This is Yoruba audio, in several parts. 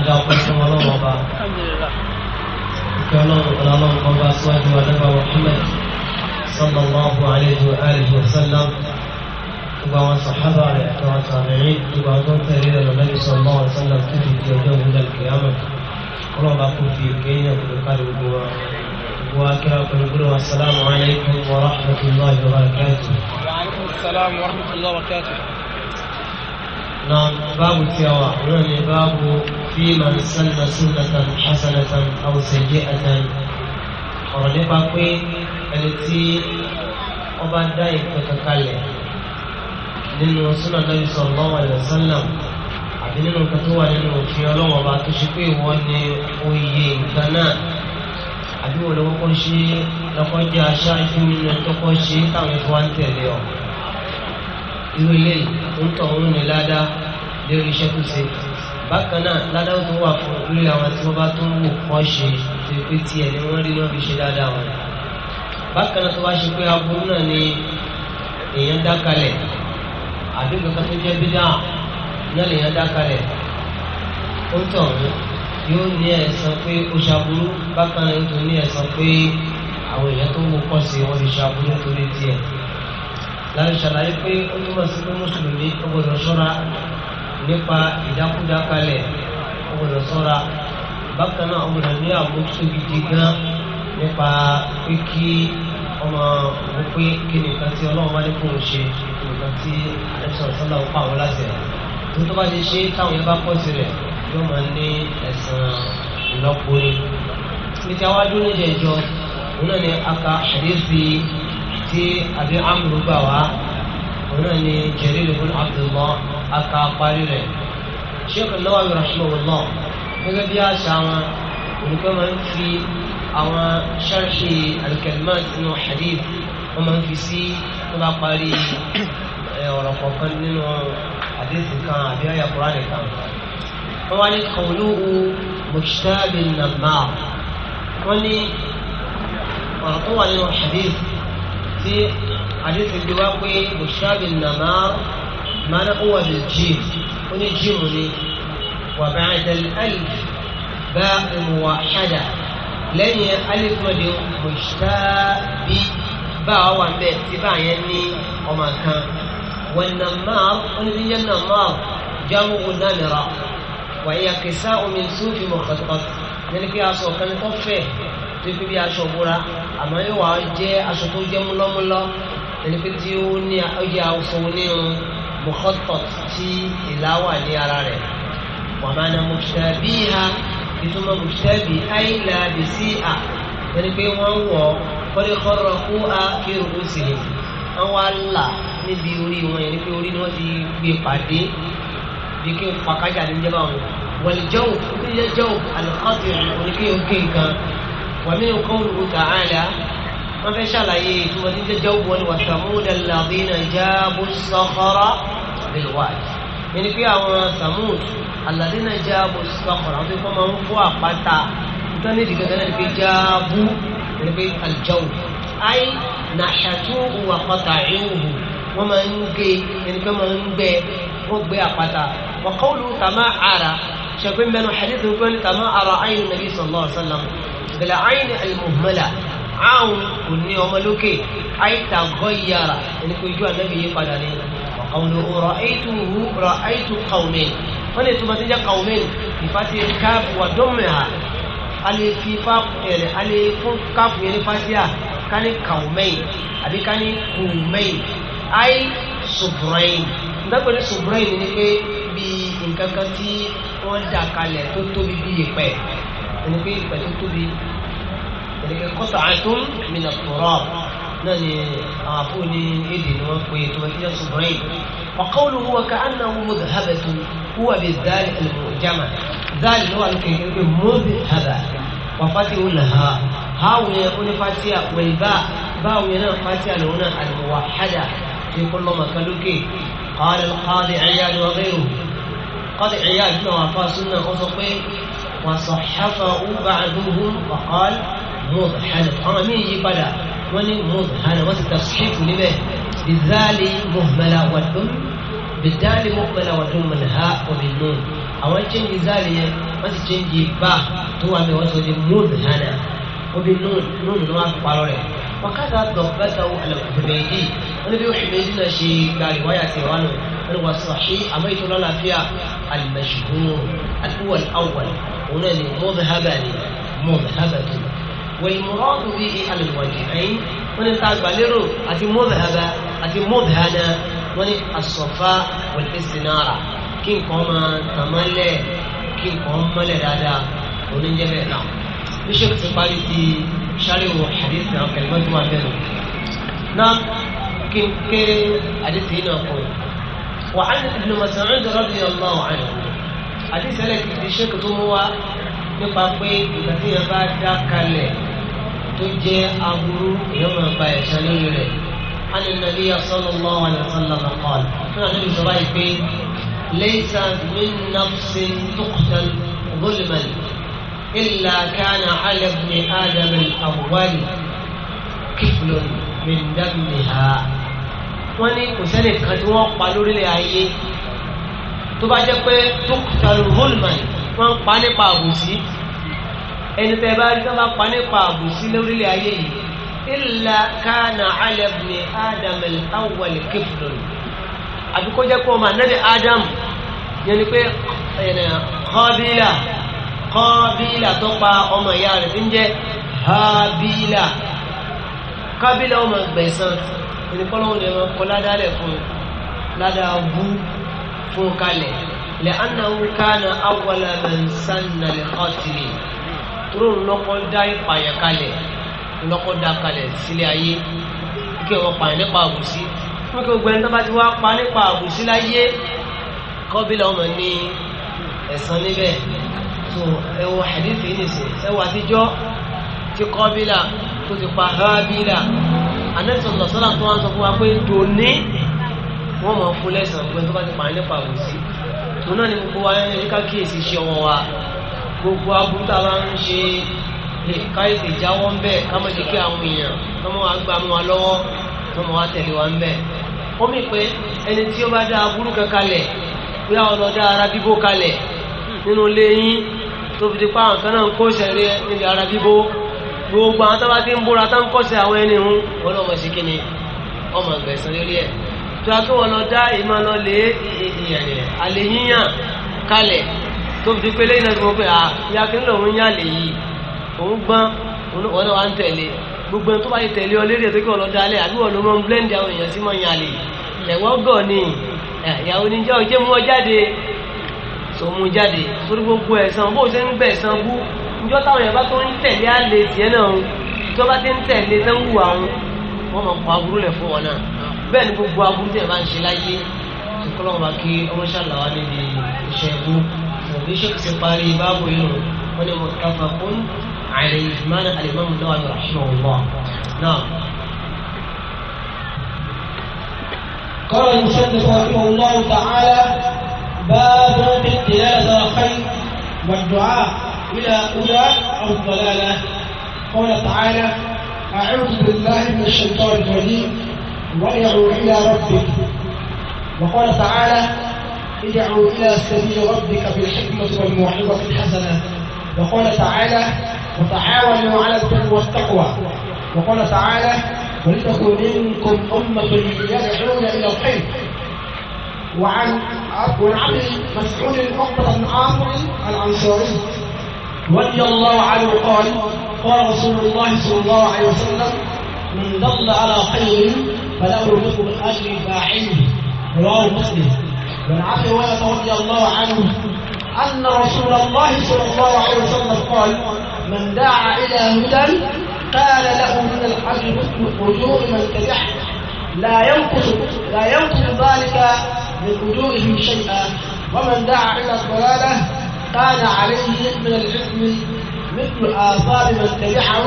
adá ọpẹ́ fún ọlọ́run ọba ìfẹ́ ọlọ́run ọba ọlọ́run ọba síwájú adábà Muhammad sallallahu alayhi wa alihi wa sallam gbogbo àwọn sàhábà rẹ̀ àtàwọn sàmìrín gbogbo àwọn tó ń tẹ̀lé rẹ̀ lọ́lẹ́bí sallallahu alayhi wa sallam títí di ọjọ́ ìwúlẹ̀ kìyàmù ọlọ́run bá kó fi wa gbogbo wa kíra pẹ̀lú gbogbo wa salamu alaykum نعم باب التلاوة يعني باب في من سن سنة حسنة أو سيئة ọ̀rọ̀ nípa pé ẹni tí wọ́n bá dá ìpín kankalẹ̀ nínú súnà Nabi sallallahu alaihi wasallam àbí nínú nǹkan tó wà nínú òfin ọlọ́wọ́n ọba tó ṣe pé ìwọ ni oyè nǹkan náà àbí wọ́n lọ́kọ́ ṣe lọ́kọ́ aṣáájú nínú ẹ̀tọ́kọ́ ṣe táwọn ẹ̀fọ́ tẹ̀lé ọ̀ irú ilé ń tọ̀ ń ní ládàá lérí iṣẹ́ tó ṣe bákan náà ládàá tó wà fún lórí àwọn tí wọ́n bá tó ń wò kọ́ ṣe tó pé tiẹ̀ ni wọ́n rí lọ́ọ́ fi ṣe ládàá wọn bákan náà tó wá ṣe pé aburú náà ni èèyàn dá kalẹ̀ àbí nǹkan tó jẹ́ bídà náà lèèyàn dá kalẹ̀ ó tọ̀ yóò ní ẹ̀san pé ó ṣàbúrú bákan náà yóò tó ní ẹ̀san pé àwọn èèyàn tó wò kọ́ ṣe wọ́n ti ṣàbúrú torí tiẹ̀ la ń ṣàlàyé pé ó túmọ̀ sí pé mùsùlùmí ó gbọdọ̀ ṣọ́ra nípa ìdákúdá kalẹ̀ ó gbọdọ̀ ṣọ́ra bákan náà ó gbọdọ̀ ní àmójútó gidi gan nípa pé kí ọmọ òun pé kí nìkan tí ọlọ́run bá ní kó ń ṣe nìkan tí alẹ́sọ̀rọ̀ sọ́lá ń pa láti rẹ̀ tó tó bá ti ṣe táwọn yẹn bá pọ̀ sí rẹ̀ yóò máa ní ẹ̀sán ìlọ́po ni. Ní ti àwọn adúlójẹ ìjọ òun náà ni aka àdéhùn tí àbí amúlù gbà wá òun náà ni jẹ̀rí lùkún abdulmọ́ aka parí rẹ̀ sheikh Nawawi rahimahullah gẹ́gẹ́ bí àṣà wọn olùkọ́ máa ń fi àwọn ṣáàṣì al-kalimat nínú hadith wọ́n máa ń fi sí tó bá parí ọ̀rọ̀ kọ̀ọ̀kan nínú àdéhùn kan àbí àyà kúránì kan. wọ́n wá ní kọ̀ọ̀lùkù mùsítàbí nàmá wọ́n ní ọ̀rọ̀ tó wà nínú hadith tí àdéhùn ìgbé wá pé bùṣáàbì nàmá mana ó wà ní jíìmù ó ní jíìmù ni wà bá àdàlẹ́ alif bá ìmùwà ṣáda lẹ́yìn alif náà di bùṣáàbì bá a wà mbẹ tí bá yẹn ní ọmọ kan wọn nàmá ó ní yẹn nàmá jáwó nàmìrà wà ìyá kìsà omi sófin mọ̀kàtàkàtà yẹn ni pé aṣọ kan tó tó fi bí aṣọ búra àmọ́ yóò wá jẹ́ aṣọ tó jẹ́ múlọ́múlọ́ ẹni pé tí ó ní ọjà aṣọ onírun mọ́kọ́tọ̀t tí ìlà wà ní ara rẹ̀ wàá máa na mùsàbí ha ìtumọ̀ mùsàbí àìlà bìsí à ẹni pé wọ́n wọ̀ kọ́lékọ́rọ̀ kó a kéré ó sì ní wọ́n wá là níbi orí wọn ẹni pé orí ni wọ́n ti gbé pàdé bí kí n pàkájà ní jẹ́ báwọn wọ̀lì jọ́wọ́ ní jẹ́ jọ́wọ́ ومن قوله تعالى wọ́n fẹ́ ṣàlàyé ìtumọ̀ tí jẹ́jẹ́ ògbọ́n ni wàtàmúdà làdínà jáàbù sọ́kọ́rọ́ bilwaj ẹni pé àwọn samud àlàdínà jáàbù sọ́kọ́rọ́ àwọn tó kọ́ máa ń fọ́ àpáta nítorí ní ìdíkẹ́ tẹ́lẹ̀ pé jáàbù ẹni pé àjọwò àì nàṣàtú òwò àpáta ìhòhò wọ́n máa ń gé ẹni pé máa ń gbẹ wọ́n gbé àpáta wọ́n kọ́ ṣẹ̀pẹ́ mẹ́nu hadith tó ní kàmá ara ayin nabi sallallahu alaihi wasallam bẹ̀lẹ̀ ayin al-muhmala àwọn kò ní ọmọ lókè àìta gọ́yàrá ẹni kò ju ànábì yìí padà ní ọ̀kàwọn ọ̀rọ̀ àìtú rọ̀ àìtú kàwọ́mẹ́ wọ́n lè túmọ̀ sí jẹ́ kàwọ́mẹ́ ìfàtí káàpù wà dọ́mẹ̀ ha alẹ́ fi fáàpù ẹ̀rẹ̀ alẹ́ fún káàpù yẹn ní fásíà ká ní àbí ká kùmẹ́ àì sùbùrẹ́yìn ní nǹkan kan tí wọ́n dà kalẹ̀ tó tóbi bí ìpẹ́ ẹni pé ìpẹ́ tó tóbi ẹni pé kọ́sà àtún mìíràn tọ̀rọ̀ náà ni àwọn àfọ ní èdè ni wọ́n pe ètò ẹ̀jẹ̀ ṣùgbọ́n yìí ọ̀kọ́wọ́lù wọ́n ká àná wọ́n mú dàbẹ̀ tó wúwà bí dáàlì ẹ̀lẹ́mọ̀ jama dáàlì ló wà ní pé mọ́ọ̀dì hàdà wà fati nà ha hàwù yẹn ó ní fati à wẹ̀lì bá báwù yẹn náà fati à lòun náà àlùwà hàdà ní kọ́lọ́mà kálókè قال القاضي عياد وغيره قد عياد بن وفاء سنة أصفي وصحفه بعضهم وقال مضحن أمين يبدا وني مضحن وتصحيف لبه بالذالي مهملة والدم بالذالي مهملة والدم من هاء وبالنون أول شيء بالذالي ما تشنجي با تو أمي وصل مضحن وبالنون نون ما تقالوا وكذا على الحميدي ونبي حميدنا شيء قال رواية عنه wani wasu sahi amma ita wani lafiya al-mashhur al-awwal awwal wannan ne mudhhaba ne mudhhabatu wal murad bi al-wajhain wani ta gbalero àti mudhhaba àti mudhhana wani as-safa wal istinara kí nǹkan máa tàmálẹ̀ kí nǹkan mọ́lẹ̀ dáadáa oníjẹ́ bẹ́ẹ̀ náà bí ti parí ti hadith náà kẹlẹ́mọ́tò wà bẹ́ẹ̀ náà kí n kéré hadith وحديث ابن مسعود رضي الله عنه حديث لك في شكل هو نبقي كثير بعد ذاك تجي أبو يوم بعد شنير عن النبي صلى الله عليه وسلم قال نحن نبقي ليس من نفس تقتل ظلما إلا كان على ابن آدم الأول كفل من دمها wọ́n ní kò sẹ́nì kan tí wọ́n pa lórílẹ̀ ayé tó bá jẹ́ pé tókùtàlù holman wọ́n pa nípa àbòsí ẹni tẹ́ bá rí sábà pa nípa àbòsí lórílẹ̀ ayé yìí ìlà kánà alẹ́bùnì adam awàlẹ̀ kéfùlọ́n àbíkó jẹ́ kó ọmọ anábì adam yẹn ni pé kọ́bílà kọ́bílà tó pa ọmọ ìyá rẹ̀ ń jẹ́ hábílà kábílà ọmọ gbẹ̀sán ẹni kọ́lọ́wọ́ ni ẹ̀rọ kọ́ ládàálẹ̀ fún ládàá bú fún kalẹ̀ lẹ́ anáwó kánà awọ́lá mẹ́sánná lè kọ́tìrì tóró ńlọ́kọ́ dá ìpààyàn kalẹ̀ ńlọ́kọ́ dá kalẹ̀ sílé ayé kí ẹ̀rọ pààyàn nípa àbùsí wọ́n kí gbogbo ẹni tó bá ti wá pa nípa àbùsí láyé kọ́bílà ọmọ ní ẹ̀sán níbẹ̀ tó ẹwọ hadith yìí nìsín ẹwọ àtijọ́ tí kọ́bílà tó ti pa hábílà anẹ́sọ̀ lọ sọ́lá tó wá sọ fún wa pé dòní wọ́n mọ̀ fún lẹ́sàn pé tó bá ti pààyàn nípa àwòrán sí òun náà ni gbogbo wa ní ká kíyèsí iṣẹ́ ọmọ wa gbogbo aburú tá a bá ń ṣe lè ká ètè jáwọ́ ń bẹ̀ ká mọ̀ jẹ́ kí àwọn èèyàn tó mọ̀ wá gbà mọ́ wa lọ́wọ́ tó mọ̀ wá tẹ̀lé wa ń bẹ̀. ó mì pé ẹni tí ó bá dá aburú kan kalẹ̀ bí àwọn lọ dá ara bíbó kalẹ̀ nínú ilé yín tó fi di pa àwọn kan náà ń gbogbo àwọn tábà tí ń búra tá ń kọ́sẹ̀ àwọn ẹni hun wọn sí kí ni ọmọ gbẹ̀sán lórí ẹ̀ tó a tó wọn lọ dá ìmọ̀ lọ lé àlè yíyàn kalẹ̀ tó fi pé lẹ́yìn náà tó mọ̀ pé ìyá ń yìí òun gbọ́n wọn ń tẹ̀lé gbogbo ìjọ táwọn yẹn bá tó ń tẹ̀lé àlè tiẹ̀ náà tó bá ti ń tẹ̀lé lẹ́wù àwọn wọ́n máa kọ́ aburú lẹ̀ fún wọn náà bẹ́ẹ̀ ni gbogbo aburú tẹ̀ máa ń ṣe láyé kọ́lọ́ bá kí ọmọ ṣàlàwà níbi iṣẹ́ ẹ̀bú òbí ṣe ti parí báàbò yìí wọ́n ní mo tafa fún àìrè ìfìmánà náà ní rahimahullah náà. قال المصنف رحمه الله إلى هدى أو ضلالة قال تعالى أعوذ بالله من الشيطان الرجيم وادعوا إلى ربك وقال تعالى ادعوا إلى سبيل ربك بالحكمة والموعظة الحسنة وقال تعالى وتعاونوا على البر والتقوى وقال تعالى ولتكن منكم أمة يدعون إلى الخير وعن وعن عبد مسعود عقبة بن عامر الأنصاري رضي الله عنه قال قال رسول الله صلى الله عليه وسلم من ضل على خير فله مثل اجر فاعله رواه مسلم وعن هريره رضي الله عنه ان رسول الله صلى الله عليه وسلم قال من دعا الى هدى قال له من الحج مثل اجور من تبعه لا ينقص لا ينقص ذلك من اجورهم شيئا ومن دعا الى الضلاله كان عليه من العلم مثل آثار من تبعه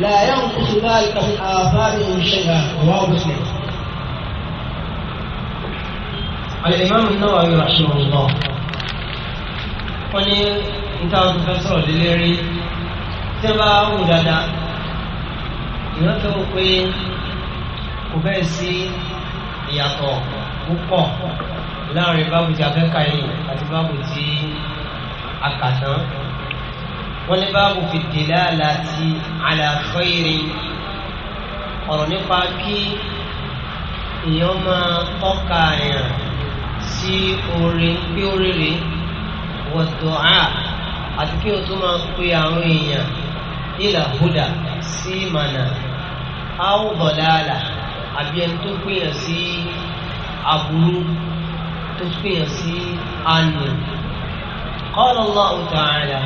لا ينقص ذلك من آثارهم شيئا رواه مسلم الإمام النووي رحمه الله وني انت بروفيسور ديليري تبع ودادا ìrántí wò pé kò bẹ́ẹ̀ sí ìyàtọ̀ púpọ̀ láàrin báwo ti afẹ́ka àkàtàn wọ́n ní báàbù fi dèlà láti àlàfẹ́rẹ́ ọ̀rọ̀ nípa kí èèyàn máa tọ́ka èèyàn sí orin pé oríire wọ̀tọ̀ á àti kí o tún máa pe àwọn èèyàn ìlà húdà sí mànà áwùbọ̀dáàlà àbí ẹni tó pèèyàn sí aburú tó pèèyàn sí ànú. قال الله تعالى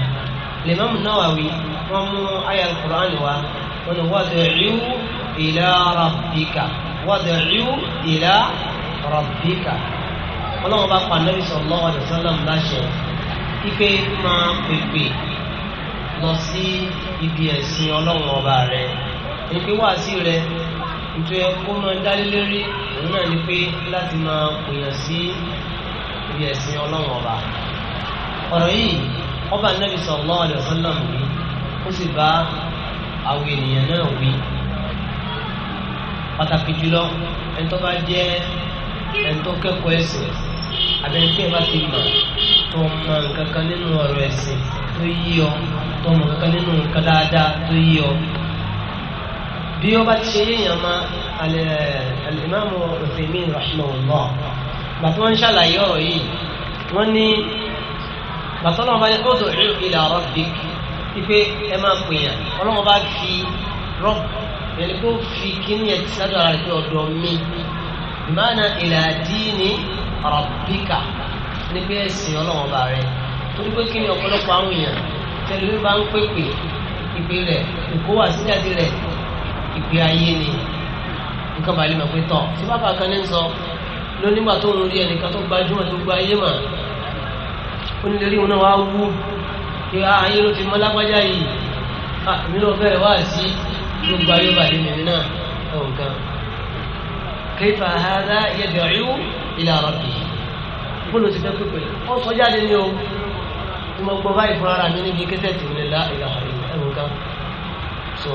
الإمام النووي ومو آية القرآن وادعوا إلى ربك وادعوا إلى ربك ọlọ́run bá pa Ànábì sallallahu alaihi wasallam láṣẹ ipe máa pèpè lọ sí ibi ẹ̀sìn ọlọ́run ọba rẹ ipe wá sí rẹ nítorí ẹkọ máa dálé lérí òun náà ni pé láti máa pèèyàn sí ibi ẹ̀sìn ọlọ́run ọba. ọ̀rọ̀ yìí ọba anabi sallallahu alaihi wasallam wí ó sì bá àwọn ènìyàn náà wí pàtàkì jùlọ ẹni tó bá jẹ́ ẹni tó kẹ́kọ̀ọ́ ẹ̀sìn abẹ́ntẹ́ bá ti mọ̀ tó mọ nǹkan kan nínú ọ̀rọ̀ ẹ̀sìn tó yí ọ tó mọ nǹkan nínú nǹkan dáadáa tó yí ọ bí ó ti ṣe yéèyàn ma alimami Uthaymin rahimahullah gbàtí wọ́n ń ṣàlàyé ọ̀rọ̀ yìí wọ́n ní bàtọ́lọ́ bá yẹ kó tó ìlú ila rabbik ipe ẹ máa pèèyàn ọlọ́wọ́ bá fi rọ́b yẹn kó fi kíní ẹ̀ ti sádọ̀ ara rẹ̀ pé ọ̀dọ̀ mi ìmáàna ila dini rabbika ní pé ẹ̀sìn ọlọ́wọ́ bá rẹ̀ torí pé kíní ọ̀pọ̀lọpọ̀ àwọn èèyàn tẹ̀lé bá ń pèpè ìpè rẹ̀ òkú wà síjáde rẹ̀ ìpè ayé ni nǹkan bàálí mọ̀ pé tọ̀ tí bàbá kan ní onílérí òun náà wá wú pé ayé ló ti mọ lágbájá yìí àmì náà bẹ̀rẹ̀ wá sí gbogbo ayé bàdé mi náà ẹ̀wọ̀n kan. kayfa hadha yad'u ila rabbih bóòlù ti fẹ́ pípé ó sọ jáde ní o tí mo gbọ́ báyìí fúnra mi níbi kẹ́tẹ́ẹ̀tì mi lá ìlà ẹ̀wọ̀n kan. so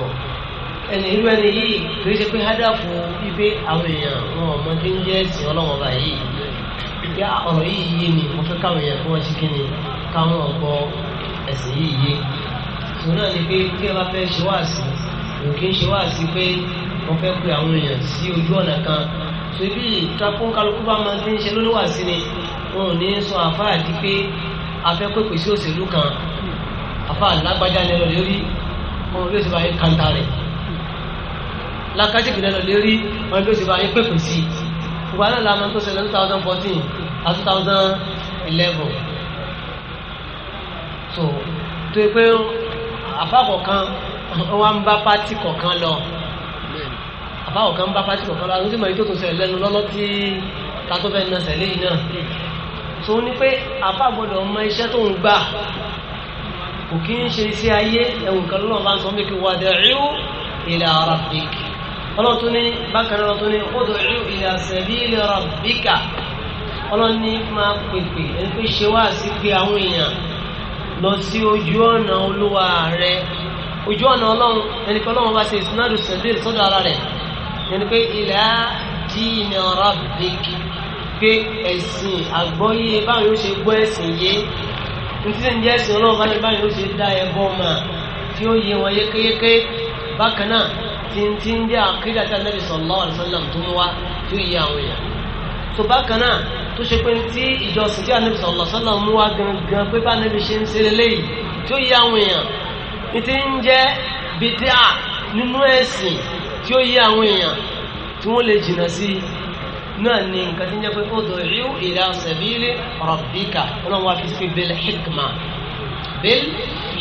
ẹni irú ẹni yìí kì í ṣe pé hádàfù wípé àwọn èèyàn wọn ò kí ń jẹ́ ẹ̀sìn ọlọ́wọ́n báyìí yá ọ̀rọ̀ yìí yé mi mo fẹ́ káwọn èèyàn kí wọ́n kí ni káwọn ọ̀gbọ́ ẹ̀sìn yìí yé tó náà ni pé kí ẹ bá fẹ́ ṣe wá sí kò kí ń ṣe wá sí pé wọ́n fẹ́ pe àwọn èèyàn sí ojú ọ̀nà kan tó ibi ìtakùn kálukú bá máa ti ń ṣe lóníwà sí ni wọn ò ní sọ àfáà di pé afẹ́ pèpè sí òṣèlú kan àfáà lágbájá ni ẹlọ́lẹ́ rí wọn bí ó ti kanta rẹ̀ lákàtìkì ni ẹlọ́lẹ́ rí wọn bí ó ti pèpè sí i ìgbà náà la mọ̀ tó ṣẹlẹ̀ two thousand fourteen àti two thousand eleven so tó yẹ pé àfa kọ̀ọ̀kan wọ́n ń bá pátì kọ̀ọ̀kan lọ àfa kọ̀ọ̀kan ń bá pátì kọ̀ọ̀kan lọ àwọn tí mo yẹ tó ṣẹlẹ̀ lẹ́nu lọ́lọ́ tí ká tó fẹ́ na ṣẹlẹ̀ yìí náà so ní pé àfa gbọ́dọ̀ mọ iṣẹ́ tó ń gbà kò kí ń ṣe iṣẹ́ ayé ẹ̀wùn kan lọ́nà bá ń sọ mí kí wàdà ríu ila rabbik ọlọ́run tó ní bákan náà tó ní odò ìlú ìyàsẹ̀bí ilẹ̀ rabbika ọlọ́run ní máa pèpè ẹni pé ṣe wá sí pé àwọn èèyàn lọ sí ojú ọ̀nà olúwa rẹ ojú ọ̀nà ọlọ́run ẹni pé ọlọ́run bá ṣe ìsinádùn sẹ̀díìrì sọ́dọ̀ ara rẹ̀ ẹni pé ila dini rabbika pé ẹ̀sìn àgbọ́yé báyìí ó ṣe gbọ́ ẹ̀sìn yé ntí ń jẹ́ ẹ̀sìn ọlọ́run tí ń tí ń jẹ́ àkídà tí Ànábì sallallahu alaihi wasallam tó ń wá tó yí àwọn èèyàn tó bákan náà tó ṣe pé tí ìjọsìn tí Ànábì sallallahu alaihi wasallam mú wá gangan pé bá Ànábì ṣe ń ṣe lélẹ́yìí tó yí àwọn èèyàn ní tí ń jẹ́ bìdíà nínú ẹ̀sìn tí ó yí àwọn èèyàn tí wọ́n lè jìnnà sí náà ni nǹkan tí ń jẹ́ pé ó dọ̀ ríu ila sabili rabbika ọlọ́run wá fi sí bil hikma bil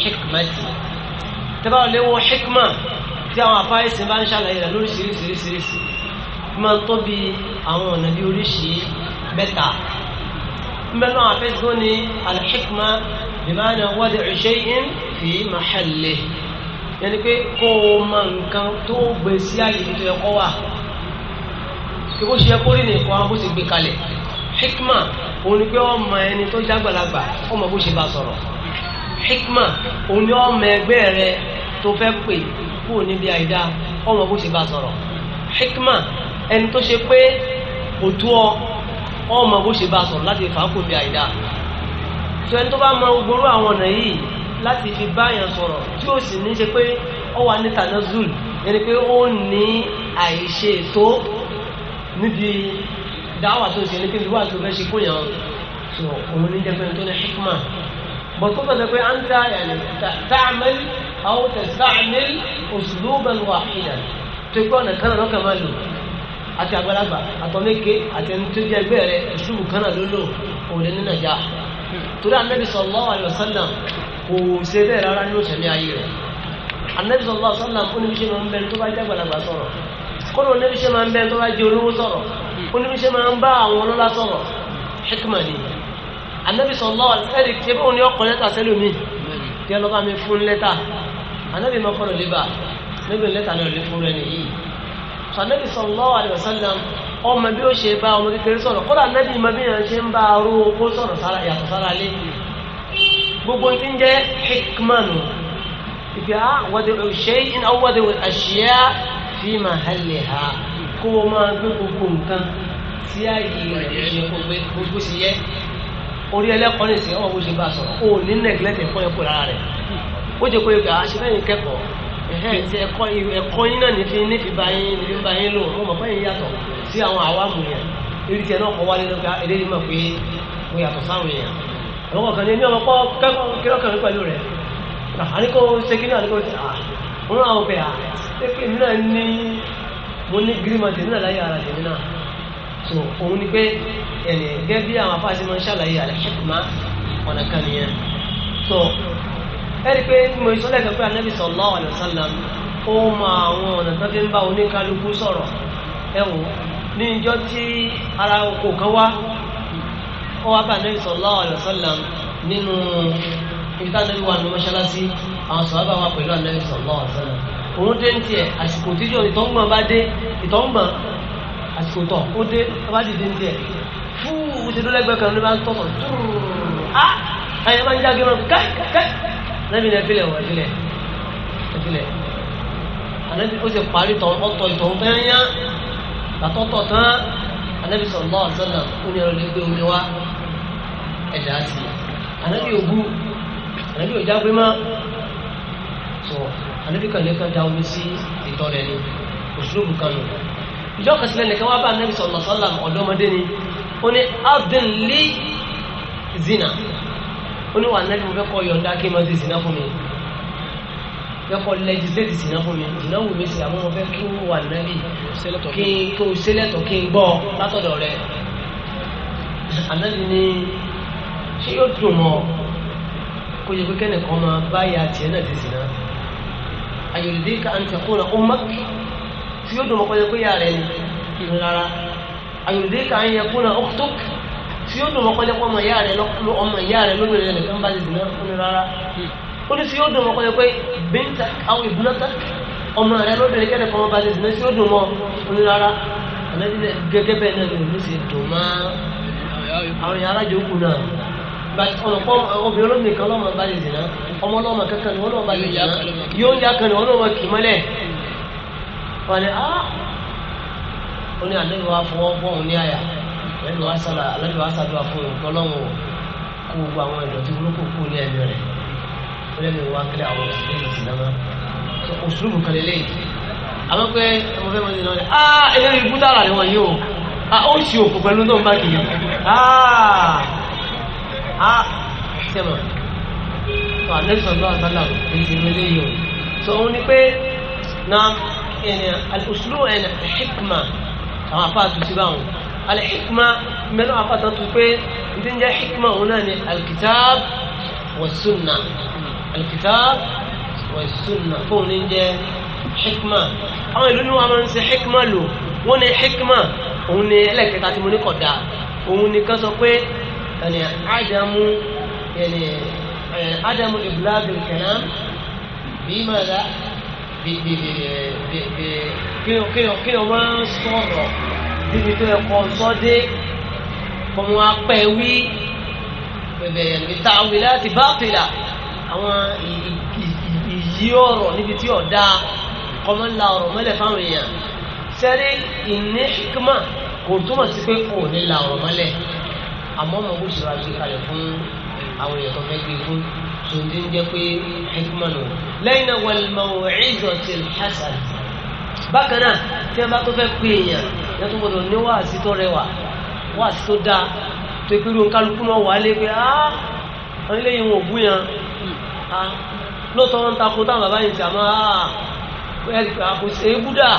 hikmati tẹ́bà lè wọ hikma tí àwọn àfáìsì bá ń ṣàlàyé rẹ̀ lóríṣiríṣiríṣiríṣi máa ń tó bí àwọn ọ̀nà bí oríṣi mẹ́ta mẹ́ta àwọn afẹ́sìkò ní alhikma bimana wadi shay'in fi mahalli yẹni pé kó o mọ nǹkan tó gbé sí àyè tó yẹ kó wà kí bó ṣe yẹ kó rí nìkan wọn bó ṣe gbé kalẹ̀ hikma òun ni pé ọmọ ẹni tó jágbàlagbà ọmọ bó ṣe bá sọ̀rọ̀ hikma òun ni ọmọ ẹgbẹ́ rẹ tó fẹ́ pè kúrò níbi àìdá ọmọ bó ṣe bá sọ̀rọ̀ hikma ẹni tó ṣe pé kò tó ọ ọmọ bó ṣe bá sọ̀rọ̀ láti fà á kò bí àìdá tó ẹni tó bá mọ gbogbo àwọn ọ̀nà yìí láti fi báyàn sọ̀rọ̀ tí ó sì ní ṣe pé ọ wà ní tanazul ẹni pé ó ní àìṣe tó níbi dáwà tó ṣe ní pé ìwà tó fẹ́ ṣe kó yàn so òun ní jẹ́ pé tó ní hikma bọ̀ tó fẹ́ sọ pé à ń ta àmẹ́lì أو تستعمل أسلوبا واحدا تكون كان لك مالو àti àgbàlagbà àtọ̀mẹ́kẹ́ àti ẹni tó jẹ́ ẹgbẹ́ rẹ̀ ìṣubù kan náà ló lò kò lè ní nàjà torí anabi sallallahu alaihi wasallam kò ṣe bẹ́ẹ̀ rárá ní òṣèlú ayé rẹ̀ anabi sallallahu alaihi wasallam oníbíṣẹ́ máa ń bẹ́ẹ̀ tó bá jẹ́ àgbàlagbà sọ̀rọ̀ kọ́nà oníbíṣẹ́ máa ń bẹ́ẹ̀ tó bá jẹ́ olówó sọ̀rọ̀ oníbíṣẹ́ máa ń bá àwọn ọlọ́lá sọ̀rọ̀ hikma ni anabi sallallahu alaihi wasallam ẹ̀rì kí ẹ anabi ma kọrọ leba anabi lẹta náà lè fún ẹni yìí sọ anabi sallallahu alaihi wasallam ọmọ bí ó ṣe bá ọmọ kékeré sọ̀rọ̀ kódà anabi ma bí yàn ṣe ń bá aró kó sọ̀rọ̀ sára yàtọ̀ sára lé gbogbo ti ń jẹ hikmanu ah, ìgbà wàdí ṣe in awọdí àṣìyá fi mahalliha kó o máa gbé gbogbo nǹkan tí ààyè rẹ̀ ṣe gbogbo sí yẹ orí ẹlẹ́kọ̀ọ́ nìsín ọmọ bó ṣe bá sọ̀rọ̀ o ní neglect ẹ̀kọ́ ẹ̀kọ́ rárá rẹ̀ ó jẹ́ pé àṣìfẹ́ yìí kẹ́kọ̀ọ́ ti ẹ̀kọ́ ẹ̀kọ́ yín náà nífi nífi bá yín nífi bá yín lò ó mọ̀ báyìí yàtọ̀ sí àwọn àwàmù yẹn eré tiẹ̀ náà kọ́ wálé lọ́gà eléyìí mọ̀ pé mo yàtọ̀ sáwọn èèyàn àwọn kan ní ẹni ọmọ kọ́ kẹ́kọ̀ọ́ kẹ́kọ̀ọ́ kan pẹ̀lú rẹ̀ àníkó ah, ṣẹ́gi náà àníkó ah, wọn náà bẹ̀ à pé ah, mi náà ní mo ní gírímọ̀tì mi náà láyé ara tèmi náà so òun ni pé ẹnì gẹ́gẹ́ bí àwọn afáàsì máa ń ṣàlàyé àlẹ́ ṣẹ́kùnmá ọ̀nà kan nìyẹn so ẹ̀rí pé mo sọ lẹ́gbẹ̀ẹ́ pé anabi sallallahu alaihi wasallam ó mọ àwọn ọ̀nà tó fi ń bá oníkálukú sọ̀rọ̀ ẹ̀wọ̀n ní ìjọ tí ara oko kan wá ó wá bá anabi sallallahu alaihi wasallam nínú ibi tá anabi wà ní mọ́ṣáláṣí àwọn sọ̀rọ̀ bá wà pẹ̀lú anabi sallallahu alaihi wasallam òun dé ní tiẹ̀ àsìkò tíjọ́ ìtọ́ngbọ̀n bá dé ìtọ́ngbọ̀n àsìkò tọ̀ ó dé bá dìde ní tiẹ̀ fúù ti dúró lẹ́gbẹ̀ẹ́ kan ní bá ń tọ̀tọ̀ tó á àyẹ̀wò máa ń jáde wọn káì anábì ní ẹfílẹ̀ wọ̀ ẹfílẹ̀ ẹfílẹ̀ anábì ó sì parí ọ̀tọ̀ ìtọ̀ fẹ́ẹ́yà àtọ̀tọ̀ tán anábì sallallahu alaihi wasallam ó ní ọ̀rọ̀ lẹ́gbẹ̀ẹ́ omi wá ẹ̀dá sí i anábì ògú anábì òjágbé má sọ anábì kan lẹ́kàn da omi sí ìtọ̀ rẹ̀ ni òṣùlùmù kan nù ìjọ kẹsìlẹ̀ nìkan wá bá anábì sallallahu alaihi wasallam ọ̀dọ́mọdé ni ó ní adìlí zina oníwà nẹ́bí mo fẹ́ kọ́ yọ̀ǹda kí n máa ṣe ìsìná fún mi fẹ́ kọ́ lẹ́gísẹ́tì ìsìná fún mi ìsìná wù mí sí àmọ́ mo fẹ́ kí n wà nẹ́bí kí n kó sẹ́lẹ̀tọ̀ kí n gbọ́ látọ̀dọ̀ rẹ̀ ànábì ni ṣé yóò dùn mọ́ kó yẹ pé kẹ́nìkan máa báyà tiẹ̀ náà ti sìná àyòlùdí ká ń tẹ̀kọ́ náà ó má tí yóò dùn mọ́ kó yẹ pé yà rẹ̀ ni ìrìn rárá àyòlùdí ká ń yẹ kó náà ó tó kù tí yóò dùn mọ́kànlẹ́ pé ọmọ ìyá rẹ ọmọ ìyá rẹ lónìí rẹ nìkan bá ti dùn náà fún mi rárá ó ní tí yóò dùn mọ́kànlẹ́ pé bínta àwọn ìbúná tá ọmọ rẹ lónìí rẹ kẹ́lẹ́ kọ́mọ bá ti dùn náà tí yóò dùn mọ́ fún rárá àlejò gẹ́gẹ́ bẹ́ẹ̀ náà ló ti dùn mọ́ àwọn ìyá alájò kù náà obìnrin olómi ah ó ní àlejò wa fọwọ́ lẹ́nu wa sọ̀rọ̀ alẹ́ wa sàdúrà fún nǹkan lọ́wọ́ kó gbogbo àwọn ìdọ̀tí burúkú kú ní ẹ̀mí rẹ̀ lẹ́nu wa kílẹ̀ àwọn ìdílé ìsinamá òṣùlùmù kan lélẹ̀ àwọn pé mo fẹ́ mọ ní ìnáwó ah ilé ìbú dára ni wọ́n o ah ó ṣe òkú pẹ̀lú tó ń bá kiri ah ah sẹ́mọ̀ tó àlẹ́sọ̀ lọ́wọ́ àbálà ìṣèlú eléyìí o tó òun ni pé na ẹ̀yìn àlùsùlù ẹ̀yìn hikma àwọn afáàtúnṣe báwọn alihikma mẹ́lọ́ apáta tó pé ní jẹ́ hikma òun náà ni alkitab wa sunna alkitab wa sunna fóun ní jẹ́ hikma àwọn ìlú ni wọn máa ń ṣe hikma lò wọn ni hikma òun ni ẹlẹ́kẹta tí mo ní kọ̀dà òun ni kan sọ pé ẹni ádámù ẹni ádámù ìbúláàbì kalam bí màdá bí bí bí bí bí kí ọmọ sọ̀rọ̀ níbi tó yẹ kọ́ sọ́dé kọ́mọ apẹ́ wí bẹ̀bẹ̀ níta wí láti bá pèlà àwọn ìyí ọ̀rọ̀ níbi tí ọ̀dá kọ́mọ ńlá ọ̀rọ̀ mọ́lẹ̀ fáwọn èèyàn sẹ́rí ìní hikma kò túmọ̀ sí pé kò ní la ọ̀rọ̀ mọ́lẹ̀ àmọ́ mo kò sọ̀rọ̀ àti kalẹ̀ fún àwọn èèyàn tó fẹ́ gbé fún tòun ti ń jẹ́ pé hikma nù lẹ́yìn náà wal maw'izati al hasana bákan náà tí wọ́n bá tó fẹ́ pé èèyàn yẹn tó gbọdọ̀ ní wáàsí tó rẹwà wáàsí tó dáa tó ìpínlẹ̀ òǹkálukú náà wà lé pé áá wọ́n lé ìwọ̀n òbú yẹn á lóòótọ́ wọn takò táwọn bàbá yìí ti àmọ́ áá kò ṣe é búdà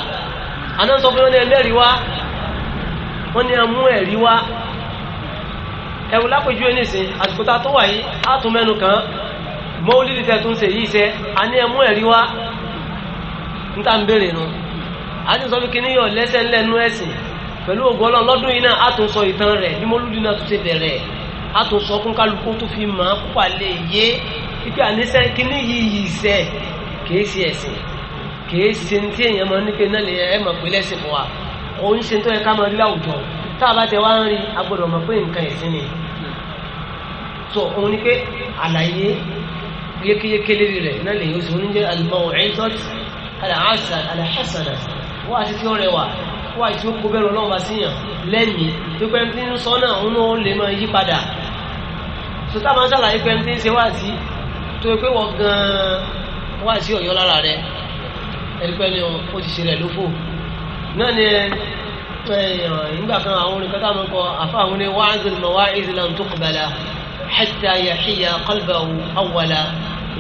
àná sọ pé wọ́n ní ẹlẹ́rìí wá wọ́n ní ẹmú ẹ̀rí wá ẹwù lápẹjú ẹnìsìn àsìkòtà tó wà yìí átún mẹ́nu kan mọ́wúlì tẹ̀ tún ẹmú ẹ̀rí wá ń ń béèrè nu. No àdìsọ́lù kìíní yọ lẹ́sẹ̀ ńlẹ́nu ẹ̀sìn pẹ̀lú ògùn ọlọ́run lọ́dún yìí náà àtúnsọ ìtàn rẹ̀ ní mọ́lúdì náà tún ti bẹ̀rẹ̀ àtúnsọ fún kálukú tó fi mọ̀ án kópa lè yé ipe àníṣe kìíní yìí yìí sẹ́ kìí ṣe ẹ̀sìn kìí ṣe ní tí èèyàn máa ní pé náà lè ẹ̀ mọ̀ pé lẹ́sìn fún wa òun ṣe tó yẹ ká máa rí láwùjọ tá a bá tẹ wá ń rí a gbọ́dọ̀ mọ̀ pé nǹkan ẹ̀sìn ni so òun ni pé àlàyé yékéyéké lérí rẹ̀ náà lè yóò ṣe oníjẹ́ al-maw'izah al-hasana wọ́n àti tí ó rẹwà wọ́n àti tí ó kó bẹ́rù ọlọ́run bá síyàn lẹ́yìn tó pẹ́ tí ń sọ náà ń náà lè máa yí padà tó tá máa ń ṣàlàyé pẹ́ tí ń ṣe wáàsí tó pé wọ́n gan-an wáàsí ọ̀yọ́ lára rẹ ẹni ni ó ti ṣe rẹ̀ lófò náà ni nígbà kan àwọn orin kọ́tà máa ń kọ àfa àwọn orin wa'izul mawa'iz lan tuqbala hatta yahiya qalbahu awwala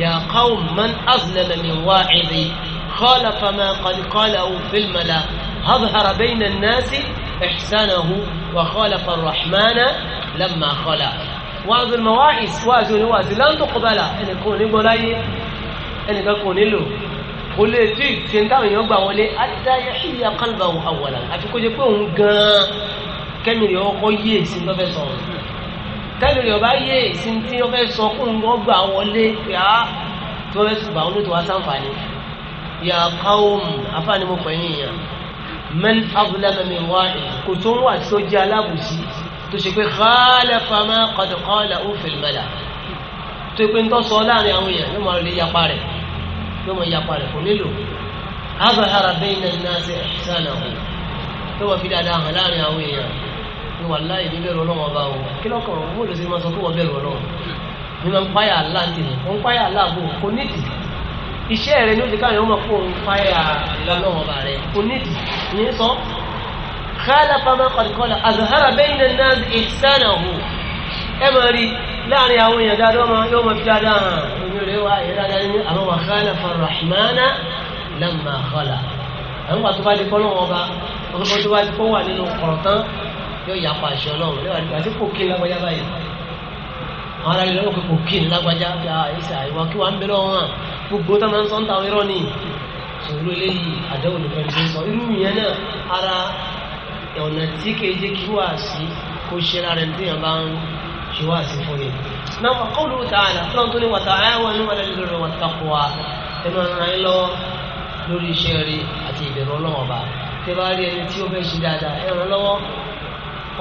ya qawm man azlama min wa'izi خالف ما قد قاله في الملا أظهر بين الناس إحسانه وخالف الرحمن لما خلا وعظ المواعظ وازن وازن لن تقبل أن يكون لي أن يكون له kò lè tí ṣe ń táwọn èèyàn gbà wọlé adáyẹ ṣíyà kálùbà wò àwọ̀là àti kó jẹ pé òun gan-an kẹ́mìrì ọkọ̀ yé sí ní ọfẹ́ sọ kẹ́mìrì ọba yé sí ní ọfẹ́ sọ kó ń gbọ́ gbà wọlé pé á tí wọ́n fẹ́ sùgbà wọn ló ti wá sáǹfààní ya qawm afáàní mo pẹ̀lú èèyàn man azlama min wahid kò tó ń wà tí ó jẹ́ alábùsí tó ṣe pé khalafa ma qad qala ó fil mala tó ṣe pé ń tọ́sọ láàrin àwọn èèyàn ló máa lè yapa rẹ̀ ló máa yapa rẹ̀ kò nílò azahara bayna an-nasi ihsanahu ló wà fi dáadáa hàn láàrin àwọn èèyàn ní wàláyé ní bẹ̀rù ọlọ́wọ́ bá wọn kí lọ́kàn wọn ló ṣe máa sọ fún wọn bẹ̀rù ọlọ́wọ́ ní wọn ń páyà aláǹtì ní wọn ń páyà aláàbò kò nídìí iṣẹ́ rẹ ní ó ti káyọ̀ mọ̀ fún òun fáyà lọ́lọ́wọ́ba rẹ̀ onídìí ní sọ khalafa ma qad qala azhara bayna an-nas ihsanahu ẹ máa rí láàrin àwọn èèyàn dáadáa ọmọ yóò máa fi dáadáa hàn omi rẹ̀ wá ẹ̀rọ dáadáa ní àwọn wa khalafa ar-rahmana lamma khala àwọn pàtó bá di kọ́lọ́ wọn bá ọkọ̀ tó bá di kó wà nínú kọ̀rọ̀ tán yóò yà gbogbo tó máa ń sọ ń ta irọ́ ni sòrò eléyìí àdáwò nìkan ti sọ irú yẹn náà ara ọ̀nà tí kéje kí wà sí kó ṣe lára ẹni tí yẹn bá ń ṣe wà sí fún yẹn. náà wà kọ́ọ̀lù tààlà fúlọ́n tó ní wàtà àyàwó ẹni wàlẹ́ lórí wàtàkùn wa ẹnu ara yín lọ́wọ́ lórí iṣẹ́ rí àti ìbẹ̀rù ọlọ́wọ́ bá bá rí ẹni tí ó fẹ́ ṣe dáadáa ẹ lọ́wọ́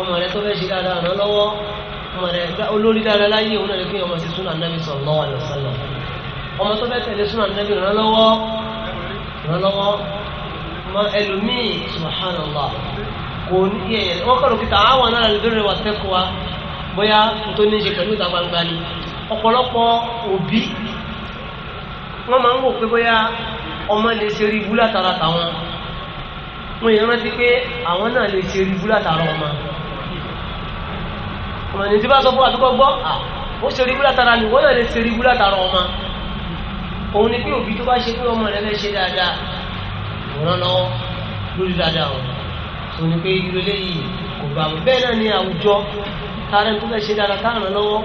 ọmọ rẹ tó fẹ́ ṣe dáadáa ràn lọ́wọ́ ọmọ rẹ olórí ọmọ tó fẹ́ tẹ̀lé súnà nẹ́bí ìrànlọ́wọ́ ìrànlọ́wọ́ mọ ẹlòmíì subhanallah kò ní kí ẹ̀yẹ wọ́n kọ́ lókítà àwọn náà lè bẹ̀rẹ̀ wà sẹ́kù wa bóyá tó ní ṣe pẹ̀lú ìta gbangba ni ọ̀pọ̀lọpọ̀ òbí wọ́n máa ń wò pé bóyá ọmọ lè ṣe rí ibú látara tàwọn wọ́n yẹn rántí pé àwọn náà lè ṣe rí ibú látara ọmọ ọmọ ní tí bá sọ fún àdúgbò gbọ́ ó ṣe rí ibú látara ni wọ́n náà lè ṣe rí ibú látara ọmọ òun ni pé òbí tó bá ṣe pé ọmọ rẹ fẹ́ ṣe dáadáa ràn lọ́wọ́ lórí dáadáa o òun ni pé irú eléyìí kò bá wọn bẹ́ẹ̀ náà ni àwùjọ tára tó fẹ́ ṣe dáadáa tá ràn lọ́wọ́